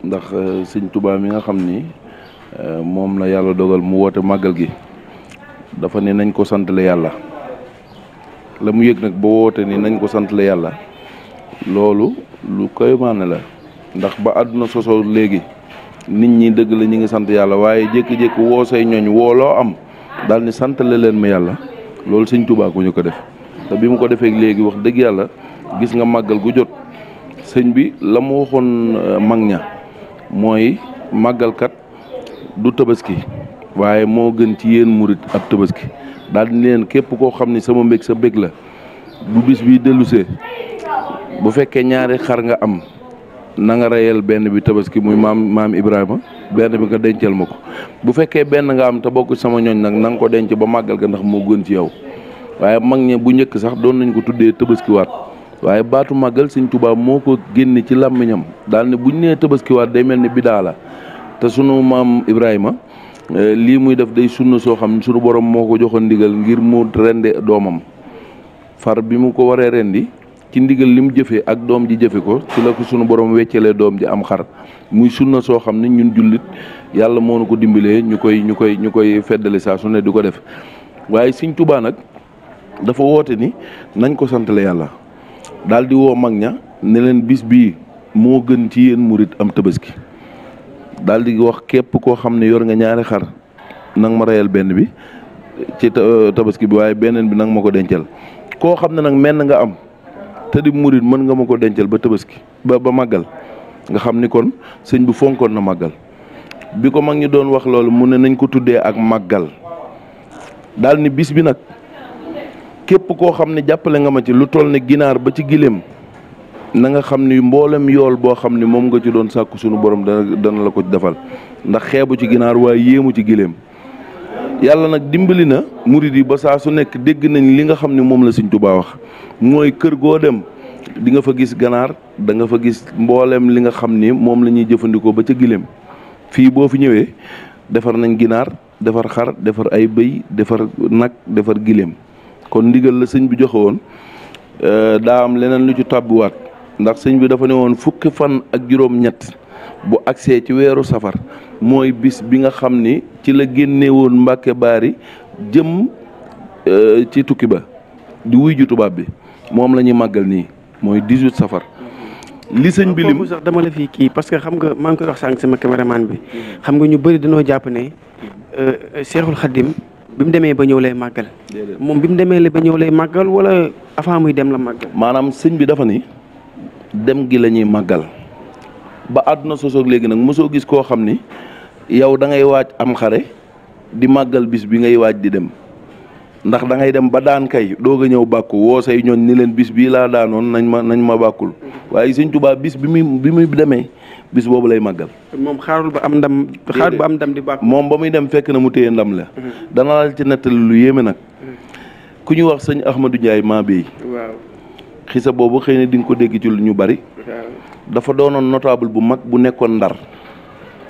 ndax euh, sëñ Tuubaa mi nga xam ni Euh, moom la yàlla dogal mu woote màggal gi dafa ne nañ ko santale yàlla la mu yëg nag ba woote ni nañ ko santale la yàlla loolu lu koy maane la ndax ba àdduna sosoo léegi nit ñi dëgg la ñu ngi sant yàlla waaye jékki-jékki woo say ñooñ wooloo am daal ni santale leen ma yàlla loolu sëñ Tuubaa ko ñu ko def te bi mu ko defee léegi wax dëgg yàlla gis nga màggal gu jot sëñ bi la mu waxoon euh, mag ña mooy màggalkat du tabaski waaye moo gën ci yéen murit ab tabaski daal leen képp koo xam ni sama mbég sa bég la bu bis bi dellusee bu fekkee ñaari xar nga am nanga nga reyal benn bi tabaski muy maam maam Ibrahima benn bi nga dencal ma ko bu fekkee benn nga am te bokk sama ñooñ nag nanga ko denc ba màggal ga ndax moo gën ci yow waaye mag ñe bu njëkk sax doon nañ ko tuddee tabaskiwaat waaye baatu màggal Sëñ Tuubaa moo ko génne ci làmmiñam daal ne buñ nee tabaskiwaat day mel ni bidaa te sunu maam Ibrahima eh, lii muy def day sunna soo xam sunu borom moo ko joxoon ndigal ngir mu rende doomam far bi mu ko waree rendi ci ndigal li mu jëfee ak doom ji jëfe ko ci la ko sunu borom weccelee doom ji am xar muy sunna soo xam ne ñun jullit yàlla moo nu ko dimbalee ñu koy ñu koy ñu koy feddali saa su ne di ko def waaye Sëñ Tuubaa nag dafa woote ni nañ ko santale yàlla daal di woo mag ña ne leen bis bi moo gën ci yéen murit am tabaski daal di wax képp koo xam ne yor nga ñaari xar nang ma reyal benn bi ci euh, tabaski bi waaye beneen bi nang ma ko dencal koo xam ne nag menn nga am te di murit mën nga ma ko dencal ba tabaski ba ba màggal nga xam ni kon sëñ bi fonkoon na màggal bi ko mag ñi doon wax loolu mu ne nañ ko tuddee ak màggal daal ni bis bi nag képp koo xam ne jàppale nga ma ci lu toll ne ginaar ba ci giléem na nga xam ni mboolem yool boo xam ni moom nga ci doon sàkk sunu borom dana dana la ko defal ndax xeebu ci ginaar waaye yéemu ci giléem yàlla nag dimbali na murid yi ba saa su nekk dégg nañ li nga xam ni moom la Sëñ Tuubaa wax mooy kër goo dem di nga fa gis ganaar danga fa gis mboolem li nga xam ni moom la ñuy jëfandikoo ba ca giléem fii boo fi ñëwee defar nañ ginaar defar xar defar ay bëy defar nag defar giléem kon ndigal la sëñ bu joxe woon euh, daa am leneen lu ci tàbbiwaat ndax sëñ bi dafa ne woon fukki fan ak juróom-ñett bu agsee ci weeru safar mooy bis bi nga xam ni ci la génnewoon woon Mbàkke Baari jëm euh, ci tukki ba di wuy ju tubaab bi moom la ñuy màggal nii mooy 18 safar. li sëñ bi lim sax dama la fi kii parce que xam nga maa ngi wax sànq sama caméraman bi xam nga ñu bëri dañoo jàpp ne euh, Seexul Xaddim bi mu demee ba ñëw lay màggal. moom bi mu demee ba ñëw lay màggal wala avant muy dem la màggal. maanaam sëñ bi dafa nii dem gi la ñuy màggal ba àdduna sosoog léegi nag mosoo gis koo xam ni yow da ngay waaj am xare di màggal bis bi ngay waaj di dem ndax da ngay dem ba daan kay doog a ñëw bàkku woo say ñoon ni leen bis bii laa daanoon nañ ma nañ ma bàkkul waaye Sëñ Tuubaa bis bi muy bi muy demee bis boobu lay màggal. moom xaarul ba am ndam. xaarul am ndam di bàkku. moom ba muy dem fekk na mu téye ndam la. Mm-hmm. dana la ci nettali lu yéeme nag. Mm-hmm. ku ñu wax sëñ Ahmadou Ndiaye maa béy. xisa boobu xëy na di nga ko dégg ci lu ñu bari dafa doonoon notable bu mag bu nekkoon ndar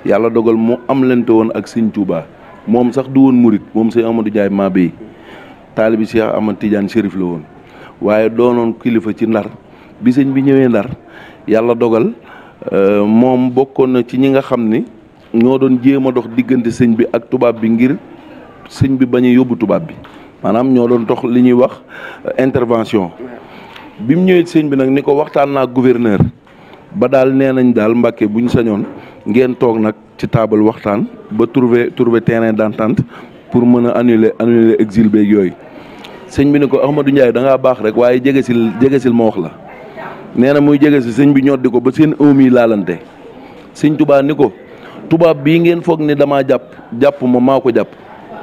yàlla dogal mu am lente woon ak sëñ Tuuba moom sax du woon murit moom sëñ Amadou Ndiaye Mabéye taalibi Cheikh Ahmad Tidiane woon waaye doonoon kilifa ci ndar bi bi ñëwee ndar yàlla dogal euh, moom bokkoon na ci ñi nga xam ni ñoo doon jéem a dox diggante sëñ bi ak tubaab bi ngir sëñ bi bañ yóbbu tubaab bi maanaam ñoo doon dox li ñuy wax euh, intervention bi mu ñëwee sëñ bi nag ni ko waxtaan naa gouverneur ba daal nee nañ daal Mbàkke bu ñu sañoon ngeen toog nag ci taabal waxtaan ba trouver trouver terrain d'entente pour mën a annuler annuler exil beeg yooyu sëñ bi ni ko Ahmadou Ndiaye da ngaa baax rek waaye jegesil jegesil ma wax la nee na muy jege si sëñ bi ñoddi ko ba seen ëmm yi laalante sëñ Tuubaa ni ko tubaab bii ngeen foog ni damaa jàpp jàpp ma maa ko jàpp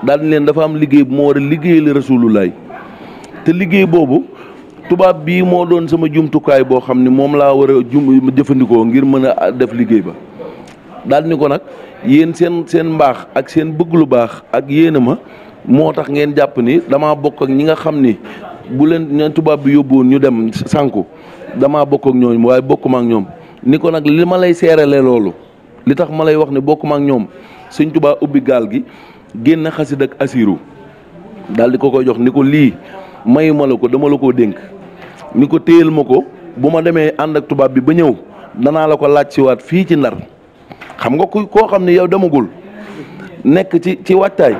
daal leen dafa am liggéey bu ma war a liggéeyal Rasulullaay te liggéey boobu. tubaab bii moo doon sama jumtukaay boo xam ni moom laa war a jum jëfandikoo ngir mën a def liggéey ba daal ni ko nag yéen seen seen mbaax ak seen bëgg lu baax ak yéen ma moo tax ngeen jàpp ni damaa bokk ak ñi nga xam ni bu leen ne tubaab bi yóbbuwoon ñu dem sànku damaa bokk ak ñooñu waaye bokkuma ak ñoom ni ko nag li ma lay seerale loolu li tax ma lay wax ne bokkuma ak ñoom sëñ Tuubaa ubbi gaal gi génn xasid ak asiru daal di ko koy jox ni ko lii mayuma la ko dama la koo dénk ni ko téyel ma ko bu ma demee ànd ak tubaab bi ba ñëw danaa la ko laaj si fii ci ndar xam nga ku koo xam ni yow demagul nekk ci ci waajtaay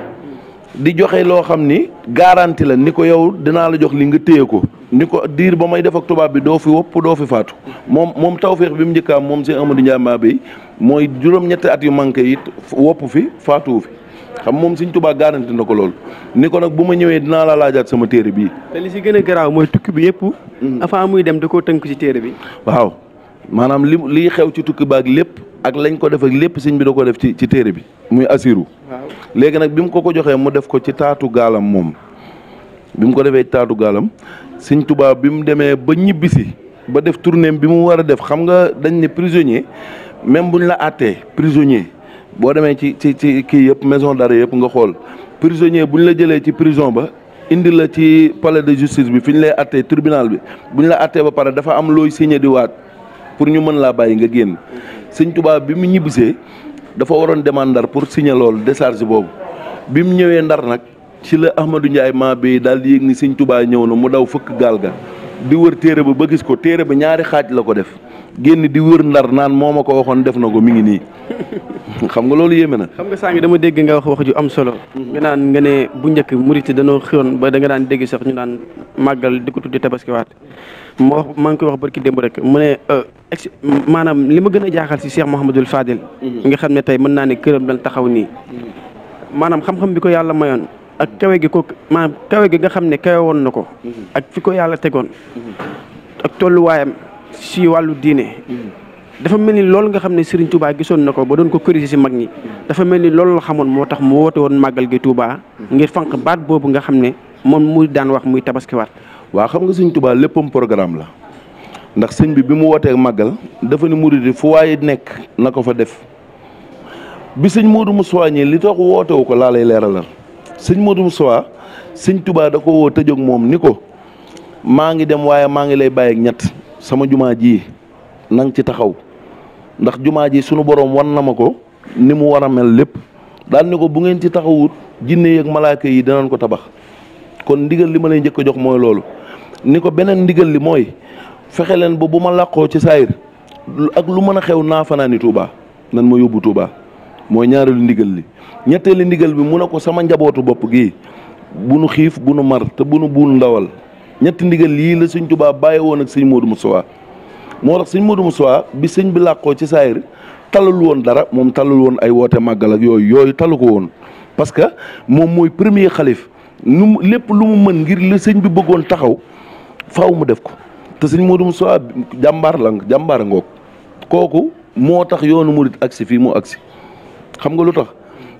di joxe loo xam ni garanti la ni ko yow dinaa la jox li nga téye ko ni ko diir ba may def ak tubaab bi doo fi wopp doo fi faatu moom moom tawféex bi mu njëkkaam moom si Amadou Ndiaye Mbaye mooy juróom-ñetti at yu manqué yit woppu fi faatuwu fi xam moom Sëñ tubaa garanti na ko lool ni ko nag bu ma ñëwee dinaa la laajaat sama téere bi te li si gën garaaw mooy tukki bi yëpp. Mm. avant muy dem da koo tënk ci téere bi. waaw maanaam li liy xew ci tukki baag lépp ak lañ ko def ak lépp sëñ bi da ko def ci ci téere bi muy asiru. waaw léegi nag bi mu ko ko joxee mu def ko ci taatu gaalam moom bi mu ko defee taatu gaalam Sëñ Tuubaa bi mu demee ba ñibbisi ba def tournée bi mu war a def xam nga dañ ne prisonnier même buñ la àttee prisonnier. boo demee ci ci ci kii yëpp maison d'arrêt yëpp nga xool prisonnier bu ñu la jëlee ci prison ba indi la ci palais de justice bi fi ñu lay attee tribunal bi buñu la attee ba pare dafa am looy signé di waat pour ñu mën laa bàyyi nga génn sëñ Tuubaa bi mu ñibbisee dafa waroon demande ndar pour signer loolu décharge boobu bi mu ñëwee ndar nag ci la Ahmadou Ndiaye maa bi daal di yëg ni sëñ Tuubaa ñëw na mu daw fëkk gaal ga di wër téere ba ba gis ko téere ba ñaari xaaj la ko def génn di wër ndar naan moo ma ko waxoon def na ko mi ngi nii xam nga loolu yéeme na. xam nga saa ngi dama dégg nga wax wax ju am solo. nga naan nga ne bu njëkk murit danoo xëyoon ba danga naan daan dégg sax ñu naan màggal di ko tuddi tabaskiwaat ma wax maa ngi koy wax barki démb rek mu ne euh, maanaam li ma gën a jaaxal si Cheikh Mouhamadul Fadil. Mhm. nga xam ne tey mën naa ne këram dañ taxaw nii. Mhm. maanaam xam-xam bi ko yàlla mayoon. ak kawe gi ko maanaam kawe gi nga xam ne kawe woon na ko. Mhm. ak fi ko yàlla tegoon. ak tolluwaayam. si wàllu diine dafa mel ni loolu nga xam ne Serigne Touba gisoon na ko ba doon ko corriger si mag ñi dafa mel ni loolu la xamoon moo tax mu woote woon màggal gi Touba ngir fànq baat boobu nga xam ne moom muy daan wax muy tabaskiwaat. waa xam nga Serigne Touba léppam programme la ndax sëñ bi bi mu wootee màggal dafa ni murid fu waaye nekk na ko fa def bi sëñ Modou Moussa ñi li tax wootewu ko laa lay leeralal sëñ mu Moussa sëñ Touba da ko woo tëjoog moom ni ko maa ngi dem waaye maa ngi lay bàyyi ñett. sama jumaa ji na ci taxaw ndax jumaa ji sunu borom wan na ma ko ni mu war a mel lépp daal ni ko bu ngeen ci taxawut jinne yi malaaka yi danañ ko tabax kon ndigal li ma lay njëkk a jox mooy loolu ni ko beneen ndigal li mooy fexe leen ba bu ma làqoo ci saayir ak lu mën a xew naa fanaani Touba nan ma yóbbu Touba mooy ñaareelu ndigal li ñetteelu ndigal bi mu ne ko sama njabootu bopp gi bu nu xiif bu nu mar te bu nu buul ndawal ñetti ndigal yii la sëñ Tuubaa bàyyi woon ak sëñ Modou Moussa moo tax sëñ Modou Moussa bi sëñ bi làqoo ci saayir talul woon dara moom talul woon ay woote màggal ak yooyu yooyu talu ko woon parce que moom mooy premier xalif lépp lu mu mën ngir li sëñ bi bëggoon taxaw faaw mu def ko te sëñ Modou Moussa jàmbaar la jàmbaar ngoog kooku moo tax yoonu murit si fii mu si xam nga lu tax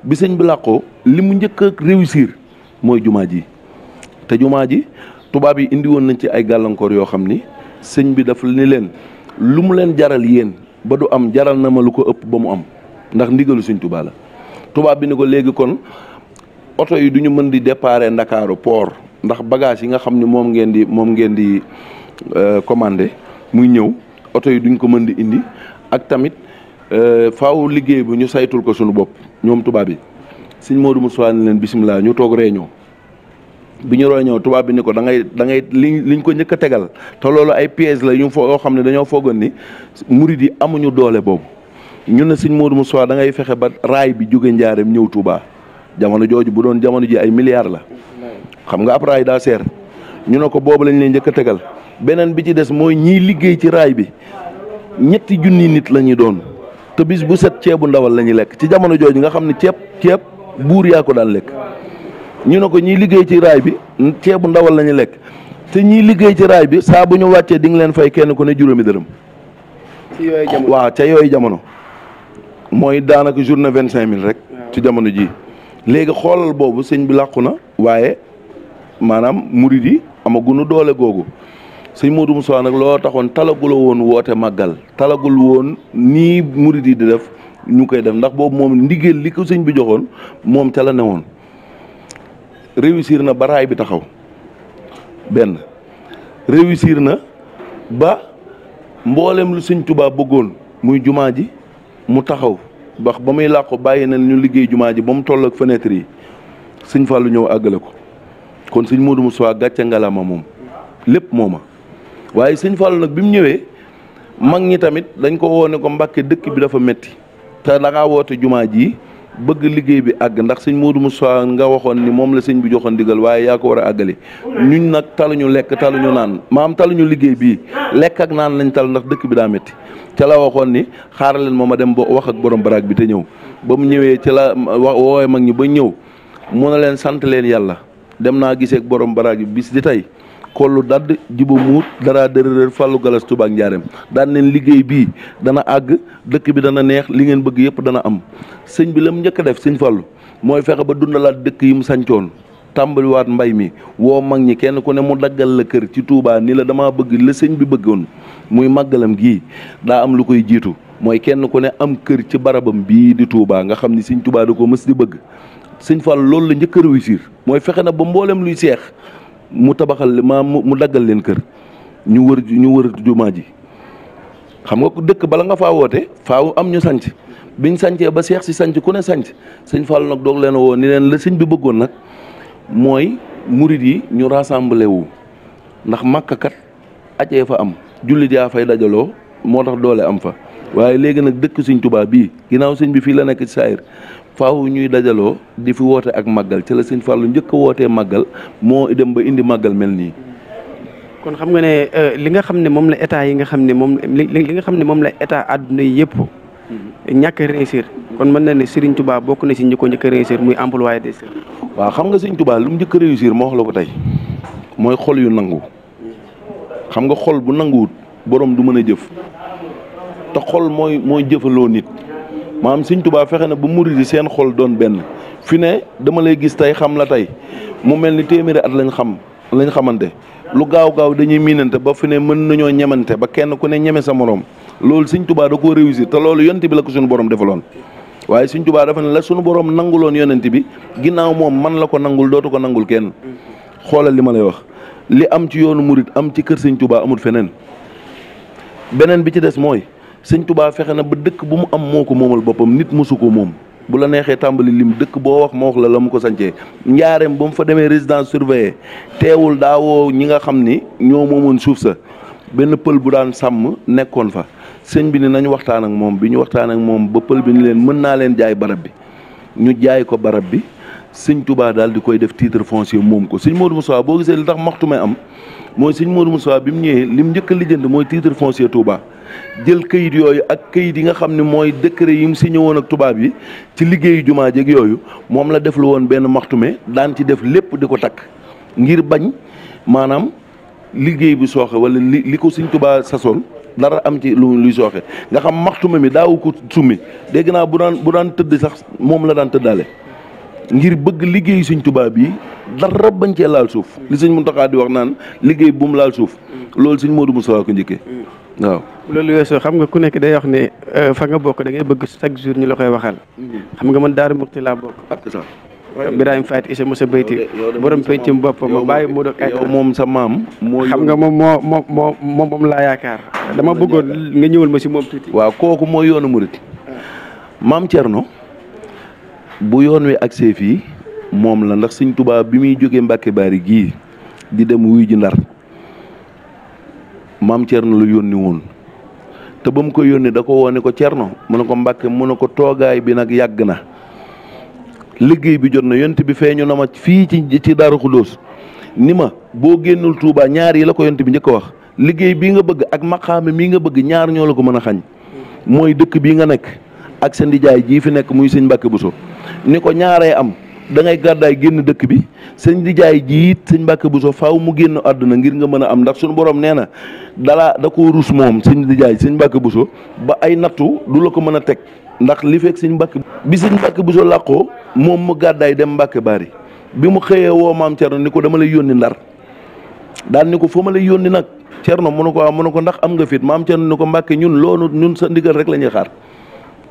bi sëñ bi làqoo li mu njëkk a réussir mooy jumaa ji te jumaa ji tubaab yi indi woon nañ ci ay gàllankoor yoo xam ni sëñ bi daf ni leen lu mu leen jaral yéen ba du am jaral na ma lu ko ëpp ba mu am ndax ndigalu sëñ Tuubaa la tubaab bi ni ko léegi kon oto yi du ñu mën di déparé ndakaaru port ndax bagage yi nga xam ni moom ngeen di moom ngeen di euh, commandé muy ñëw oto yi duñ ko mën di indi ak tamit euh, faaw liggéey bi ñu saytul ko sunu bopp ñoom tubaab yi sëñ Modou Moussa ni leen bisimilah ñu toog réunion bi ñu roy ñëw tubaab bi ni ko dangay ngay da liñ ko njëkk tegal te loolu ay pièges la yu fo xam ne dañoo foogoon ni murid yi amuñu doole boobu ñu ne sëñ Modou Moussa da ngay fexe ba raay bi jóge njaareem ñëw Touba jamono jooju bu doon jamono ji ay milliards la xam nga ab raay daa seer ñu ne ko boobu lañ leen njëkk a tegal beneen bi ci des mooy ñii liggéey ci raay bi ñetti junni nit la ñuy doon te bu set ceebu ndawal la ñuy lekk ci jamono jooju nga xam ne ceeb ceeb buur yaa ko daan lekk. ñu ne ko ñiy liggéey ci raay bi ceebu ndawal la ñu lekk te ñiy liggéey ci raay bi saa bu ñu wàccee di nga leen fay kenn ku ne juróomi dërëm. ci yooyu jamono waaw ca yooyu jamono. mooy daanaka na vingt cinq mille rek. ci jamono ji léegi xoolal boobu sëñ bi làqu na waaye maanaam murid yi amagunu doole googu. sëñ Modou Moussa nag loo taxoon talagula woon woote màggal talagul woon nii murid yi di def ñu koy def ndax boobu moom ndigal li ko sëñ bi joxoon moom ca la newoon. réussir na ba raay bi taxaw benn réussir na ba mboolem lu sëñ Tuubaa bëggoon muy jumaa ji mu taxaw bax ba muy làqu bàyyi na ñu liggéey jumaa ji ba mu toll ak fenêtre yi sëñ Fallou ñëw àggale ko kon sëñ Modou Moussa gàcce ngalama moom lépp mooma waaye sëñ Fallou nag bi mu ñëwee mag ñi tamit dañ ko woone ko Mbàkke dëkk bi dafa metti te da woote jumaa ji bëgg liggéey bi àgg ndax sëñ Modou Moussa nga waxoon ni moom la sëñ bi joxoon digal waaye yaa ko war a àggali ñun nag taluñu lekk taluñu naan maam taluñu liggéey bii lekk ak naan lañ tal ndax dëkk bi daa métti ca la waxoon ni xaaraleen leen ma ma dem ba wax ak borom baraag bi te ñëw ba mu ñëwee ci la woowee mag ñi ba ñëw mu ne leen sant leen yàlla dem naa gisee ak borom baraag bi bis di tey kollu dadd jiba muut dara dërëréer fàllu galas tubaak njaareem daan leen liggéey bii dana àgg dëkk bi dana neex li ngeen bëgg yëpp dana am sëñ bi la mu njëkk a def sëñ fàllu mooy fexe ba dundalaat dëkk yi mu sancoon tàmbaliwaat mbay mi woo mag ñi kenn ku ne mu daggal la kër ci Touba ni la damaa bëgg la sëñ bi bëggoon muy màggalam gii daa am lu koy jiitu mooy kenn ku ne am kër ci barabam bii di tuubaa nga xam ni sëñ Touba da ko mës di bëgg sëñ Fall loolu la njëkk mooy fexe na ba mboolem luy seex mu tabaxal maam mu daggal leen kër ñu wër ñu wër jumaa ji xam nga ko dëkk bala nga faa faawu am ñu sanc biñ sancee ba seex si sanc ku ne sanc sëñ Fall nag doog leen woo ni leen la sëñ bi bëggoon nag mooy murit yi ñu rassemblé wu ndax màkkakat acee fa am jullit yaa fay dajaloo moo tax doole am fa waaye léegi nag dëkk suñ tubaab bii ginaaw sëñ bi fii la nekk ci saayir faaw ñuy dajaloo di fi woote ak màggal ci la sëñ Fallou njëkk a wootee màggal moo dem ba indi màggal mel nii. kon xam nga ne euh, li nga xam ne moom la état yi nga xam ne moom li nga xam ne moom la état àdduna yi yëpp. ñàkk réussir kon mën na ne Serigne tubaab bokk na si ñi ko njëkk a réussir muy employé des waaw xam nga Serigne tubaa lu mu njëkk réussir moo la ko tey mooy xol yu nangu xam nga xol bu nanguwut borom du mën a jëf te xol mooy mooy jëfaloo nit am Sëñ tubaa fexe na ba murid yi seen xol doon benn fi ne dama lay gis tey xam la tey mu mel ni téeméeri at lañ xam lañ xamante lu gaaw gaaw dañuy miinante ba fi ne mën nañoo ñemante ba kenn ku ne ñeme sa moroom loolu Sëñ tubaa da koo réussir te loolu yonent bi la ko suñu borom defaloon. waaye Sëñ Tuubaa dafa ne la suñu borom nanguloon yonent bi ginnaaw moom man la ko nangul dootu ko nangul kenn xoolal li ma lay wax li am ci yoonu murit am ci kër Sëñ Tuubaa amul feneen beneen bi ci des mooy. sëñ tubaa fexe na ba dëkk bu mu am moo ko moomal boppam nit mosu ko moom bu la neexee tàmbali lim dëkk boo wax ma wax la la mu ko sancee njaareem ba mu fa demee résidence surveillée teewul daawoo ñi nga xam ni ñoo moomoon suuf sa benn pël bu daan sàmm nekkoon fa sëñ bi ni nañu waxtaan ak moom bi ñu waxtaan ak moom ba pël bi ni leen mën naa leen jaay barab bi ñu jaay ko barab bi sëñ tubaa daal di koy def titre foncier moom ko sëñ Modou Moussa boo gisee li maxtu may am mooy sëñ Modou Moussa bi mu ñëwee lim njëkk a lijjanti mooy titre foncier Touba. jël kayit yooyu ak kayit yi nga xam ne mooy décret yi mu signé woon ak tubaab yi ci liggéey jumaa jeg yooyu moom la def lu woon benn maxtume daan ci def lépp di ko takk ngir bañ maanaam liggéey bi sooxe wala li li ko suñ tubaa sasoon dara am ci lu luy sooxe nga xam maxtume mi daawu ko summi dégg naa bu daan bu daan tëdd sax moom la daan tëddaale ngir bëgg liggéey suñ tubaab yi dara bañ cee laal suuf li suñ Muntaxa di wax naan liggéey bu mu laal suuf loolu suñ Moodu Musaa ko waaw loolu weesoo xam nga ku nekk day wax ne euh, fa nga bokk da ngay bëgg chaque jour ñu la koy waxal. Mm-hmm. xam nga man daar Muxti laa bokk. Ah, Birahim Faye Issa Moussa Beyti borom pencum boppam ma bàyyi mu doog ay moom sa maam xam nga moom moo moo moo moom moom laa yaakaar ah, dama bëggoon nga ñëwal ma si moom tuuti waaw kooku mooy yoonu murit ah. maam Thierno bu yoon wi ak seef moom la ndax Sëñ Tuubaa bi muy jógee Mbàkke Baari gii di dem wuyu Ndar maam na lu yónni woon te ba mu ko yónni da ko woone ko no mu ne ko Mbàkke mu ne ko toogaay bi nag yàgg na liggéey bi jot na yont bi feeñu na ma fii ci ci Daaru Xudóos ni ma boo génnul tuubaa ñaar la ko yont bi njëkk a wax liggéey bii nga bëgg ak maqaame mii nga bëgg ñaar ñoo la ko mën a xañ mooy dëkk bii nga nekk ak sa ndijaay jii fi nekk muy sëñ Mbàkke Buso ni ko ñaaree am da ngay gàddaay génn dëkk bi sëñ nijaay ji it sëñ Mbàkke Buso faw mu génn àdduna ngir nga mën a am ndax suñu boroom nee na dalaa da koo rus moom sëñ nijaay sëñ Mbàkke so ba ay nattu du la ko mën a teg ndax li fekk sëñ Mbàkke bi sëñ Mbàkke Buso làqoo moom mu gàddaay dem Mbàkke Baari bi mu xëyee woo maam Cerno ni ko dama lay yónni ndar daan ni ko fa ma lay yónni nag Cerno mu ne ko waaw mu ne ko ndax am nga fit maam Cerno ni ko Mbàkke ñun loolu ñun sa ndigal rek la ñuy xaar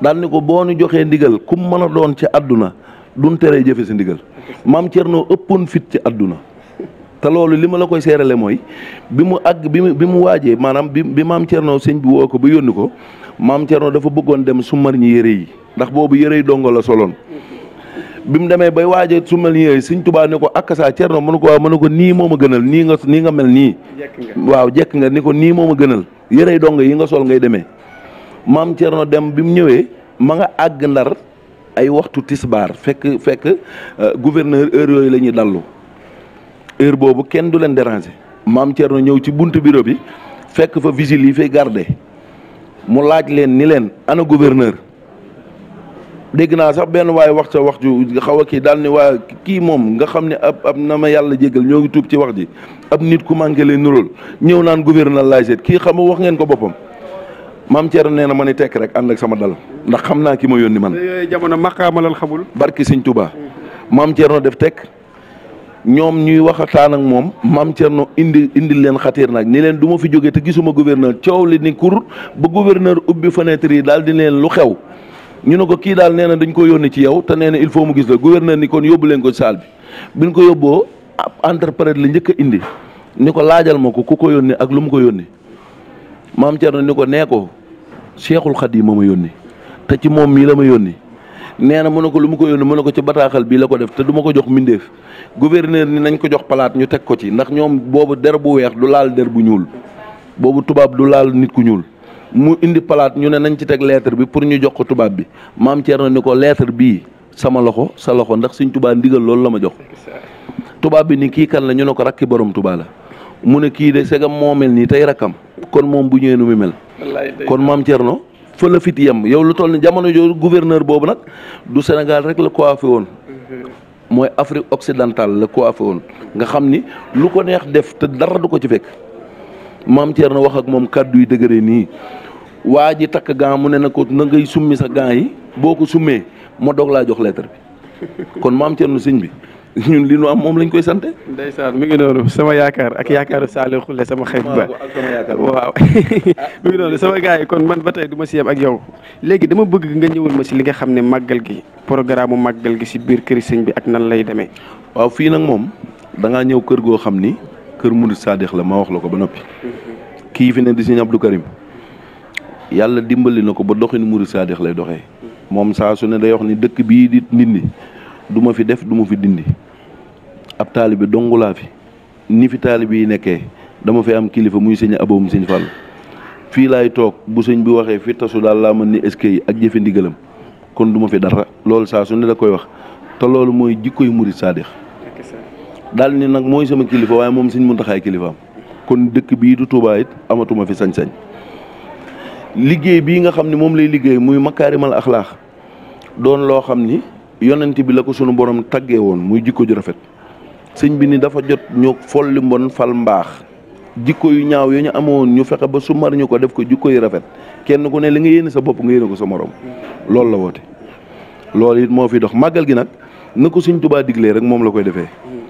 daal ni ko boo nu joxee ndigal kum mën a doon ci àdduna duñ teree jëfe si ndigal maam noo ëppoon fit ci àdduna te loolu li ma la koy seerale mooy bi mu àgg bi mu bi mu waajee maanaam bi bi maam Thierno sëñ bi woo ko ba yónni ko maam Thierno dafa bëggoon dem summar ñi yére yi ndax boobu yére yi la soloon bi mu demee bay waajee summar ñi ko ak saa Thierno mënu ko waaw ko nii moo ma gënal nii nga nii nga mel nii waaw jekk nga ni ko nii moo ma gënal yére yi yi nga sol ngay demee maam Thierno dem bi mu ñëwee ma nga àgg ndar ay waxtu tisbaar fekk fekk euh, gouverneur heure yooyu lañuy ñuy dallu heure boobu kenn du leen déranger maam Thierno ñëw ci bunt bureau bi fekk fa vigile yi fay garde mu laaj leen ni leen ana gouverneur dégg naa sax benn waaye wax ca wax ju xaw a kii daal ni waa kii moom nga xam ne ab ab na ma yàlla jegal ñoo gi tuub ci wax ji ab nit ku manqué lay nuróol ñëw naan gouverneur laay seet kii xam nga wax ngeen ko boppam maam Thierno nee na ma ni tekk rek ànd ak sama dal ndax xam naa ki ma yónni man. jamono maqaamalal xamul. barki sëñ Touba maam Thierno def tekk ñoom ñuy waxataan ak moom maam Thierno indi indi leen xatiir nag ni leen du ma fi jógee te gisuma gouverneur coow li ni kur ba gouverneur ubbi fenêtre yi daal di leen lu xew ñu ne ko kii daal nee na dañ ko yónni ci yow te nee na il faut mu gis la gouverneur ni kon yóbbu leen ko saal bi biñ ko yóbboo ab entrepreneur la njëkk indi ni ko laajal ma ko ku ko yónni ak lu mu ko yónni maam Thierno ni ko nee ko Cheikhul yi ma ma yónni te ci moom mii la ma yónni nee na mu ne ko lu mu ko yónni mu ne ko ci bataaxal bii la ko def te du ma ko jox mbindéef gouverneur ni nañ ko jox palaat ñu teg ko ci ndax ñoom boobu der bu weex du laal der bu ñuul boobu tubaab du laal nit ku ñuul mu indi palaat ñu ne nañ ci teg lettre bi pour ñu jox ko tubaab bi maam na ni ko lettre bii sama loxo sa loxo ndax suñ tubaab ndigal loolu la ma jox tubaab bi ni kii kan la ñu ne ko rakki borom tubaab la mu ne kii de segam moo mel nii tey rakkam kon moom bu ñëwee nu mu mel kon maam Thierno fa la fit yem yow lu toll ni jamono jooju gouverneur boobu nag du Sénégal rek la coiffé woon mhm. mooy Afrique occidentale la coiffé woon nga xam ni lu ko neex def te dara du ko ci fekk maam Thierno wax ak moom kàddu yi dëgëre nii waa ji takk gant mu ne na ko na ngay summi sa gant yi boo ko summee ma doog laa jox lettre bi kon maam Thierno sëñ bi ñun li am moom lañ koy sant. ndeysaan mi ngi noonu sama yaakaar ak yaakaaru Saliou Khoule sama xarit ba waaw mi ngi noonu sama gars yi kon man ba tey du ma si yem ak yow léegi dama bëgg nga ñëwal ma si li nga xam ne màggal gi programme màggal gi si biir këri sëñ bi ak nan lay demee. waaw fii nag moom da ngaa ñëw kër goo xam ni kër Mouride Sadikh la ma wax la ko ba noppi. Mhm. kii fi ne di sëñ Abdou Karim yàlla dimbali na ko ba doxin Mouride Sadikh lay doxee mhm. moom saa ne day ni dëkk bii di nit ñi du ma fi def du ma fi dindi. ab taalibe dongu laa fi ni fi taalibe yi nekkee dama fi am kilifa muy sëñ aboom sëñ Fall fii laay toog bu sëñ bi waxee fi tasu daal laa mën ni est ak jëfe ndigalam kon du ma fi dara loolu saa su koy wax te loolu mooy jikkoy murit saadix daal ni nag mooy sama kilifa waaye moom siñ mu Muntaxaay kilifaam kon dëkk bii du Tuubaa amatuma fi sañ-sañ liggéey bii nga xam ne moom lay liggéey muy makaarimal axlaax doon loo xam ni yonent bi la ko sunu borom tàggee woon muy jikko ju rafet sëñ bi ni dafa jot ñu folli mbon fal mbaax jikko yu ñaaw yu ñu amoon ñu fexe ba sumar ñu ko def ko jikko yu rafet kenn ku ne li nga yéene sa bopp nga yéene ko sa morom loolu la woote. loolu it moo fi dox màggal gi nag na ko sëñ tubaa digle rek moom la koy defee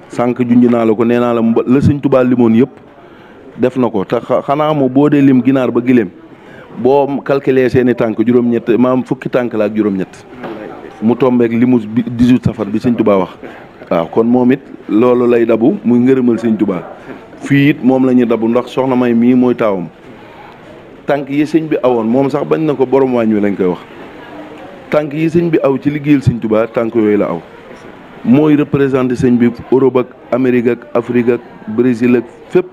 sànq junj naa la ko nee naa la la sëñ tubaa limoon yëpp def na ko te xanaa mu boo dee lim ginaar ba gileem boo calculer seeni tànk juróom-ñett maam fukki tànk la ak juróom-ñett mu tombeek limu 18 safar bi sëñ tubaa wax. waaw kon moom it loolu lay dabu muy ngërëmal sëñ Tuubaa fii it moom la ñuy dabu ndax soxna may mii mooy taawam tànk yi sëñ bi awoon moom sax bañ na ko borom waañ wi lañ koy wax tànk yi sëñ bi aw ci liggéeyal sëñ tubaa tànk yooyu la aw mooy représenté sëñ bi Europe ak Amérique ak Afrique fépp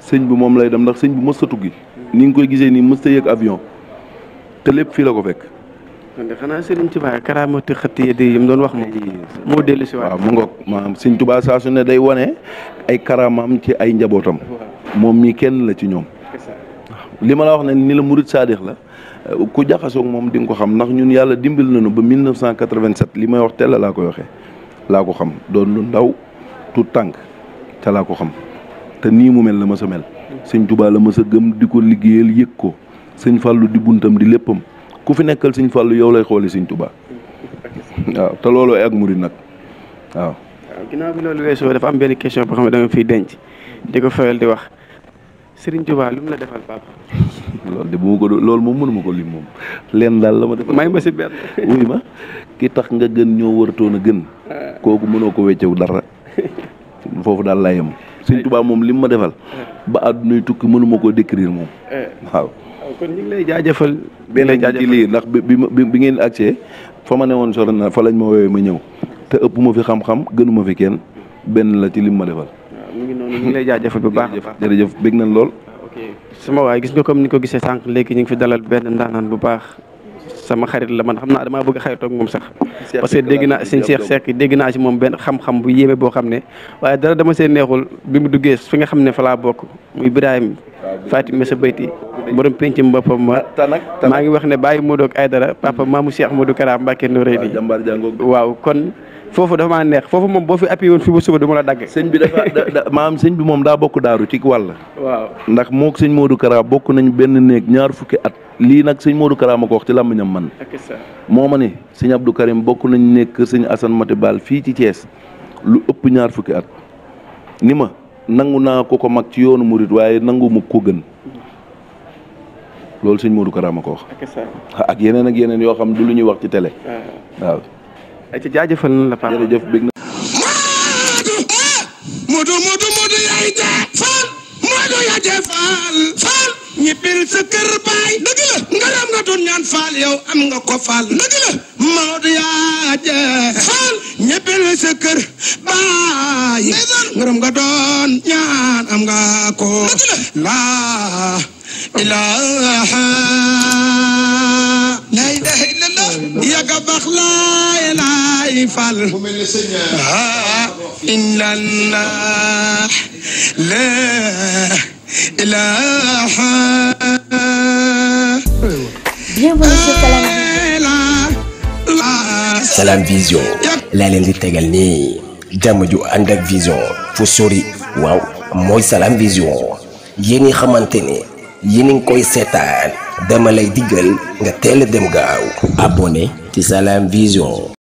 sëñ bi moom lay dem ndax sëñ bi mës a tukki ni nga koy gisee nii mës a yëg avion te lépp fii la ko fekk kon de xanaa Serigne Touba karaamati xëtti yeddi yi mu doon wax moom moo dellu si waaw mu ngoog maanaam Serigne Touba saa su ne day wane ay karaamam ci ay njabootam moom mii kenn la ci ñoom li ma la wax ne ni la murid saadix la ku jaxasoog moom di nga ko xam ndax ñun yàlla dimbil nu ba 1987 li may wax teel laa koy waxee laa ko xam doon lu ndaw tu tànk te laa ko xam te nii mu mel la ma sa mel mm. sëñ tubaa la ma gëm di ko liggéeyal yëg ko sëñ Fàllu di buntam di léppam ku fi nekkal sëñ Fallu yow lay xooli sëñ Tuubaa waaw te looloo ak murid nag waaw. waaw ginnaaw bi loolu weesoo dafa am benn question boo xam ne da nga denc di ko di wax Serigne Touba lu mu la defal papa. ko loolu moom mënuma ko lim moom daal la ma defal. may ma si benn. wuy ma ki tax nga gën ñoo wartoon a gën. Ah. kooku mënoo ko weccewu dara foofu daal laa yem. Serigne moom lim ma defal. ba àddunay tukki mënuma koo décrire moom eh. kon ñu lay jaajëfal. benn lay lii ndax bi bi bi ngeen accès foo ma ne woon sori na fa lañ ma woowee ma ñëw te ëpp fi xam-xam gënu fi kenn benn la ci lim ma defal. waaw mu ngi noonu lay jaajëfal bu baax jërëjëf jërëjëf bëgg nañ lool. suma ah, sama waay gis nga comme ni ko gisee sànq léegi ñu ngi fi dalal benn ndaanaan bu baax. sama xarit la xam naa damaa bëgg xaritoog moom sax parce que dégg naa sëñ Cheikh Seck dégg naa ci moom benn xam-xam bu yéeme boo xam ne waaye dara dama see neexul bi mu duggee fi nga xam ne fa laa bokk muy Ibrahim Fatim Mesa Bayti borom pencum boppam ma maa ngi wax ne bàyyi Modou ak Aydara papa maamu Cheikh Modou Kara Mbacké Noreyni waaw kon foofu dafa neex foofu moom boo fi appuyé woon fi ba suba du ma la dagg sëñ bi dafa maam sëñ bi moom daa bokk daaru ci wàll waaw ndax mook sëñ Modou Kara bokk nañ benn néeg ñaar fukki at lii nag sëñ Modou Kara ma ko wax ci làmmiñam man moo ma ne sëñ Abdou Karim bokk nañ nekk kër sëñ Assane Mati Bal fii ci Thiès lu ëpp ñaar fukki at ni ma nangu naa ko ko mag ci yoonu murit waaye nangu mu ko gën loolu sëñ Modou Kara ma ko wax. ak yeneen ak yeneen yoo xam du lu ñuy wax ci télé. Ah. waaw. ay ci jaajëfal na la Paa. jërëjëf bëgg na. Modou Modou yaay de Fall Modou yaa baay dëgg la nga doon ñaan Fall yow am nga ko Fall dëgg la Modou yaa de Fall ñibbil baay ngalam nga doon ñaan am nga ko dëgg laa ilaha la ilaha illallah yaga bax la ilaha fal illallah la ilaha Bienvenue sur Salam Vision. Salam Vision laa leen di tegal nii jàmm ju ànd ak vision fu sori waaw mooy Salam Vision yéen xamante ni yi ni koy seetaan dama lay digal nga teel a dem gaaw abonné ci Salam Vision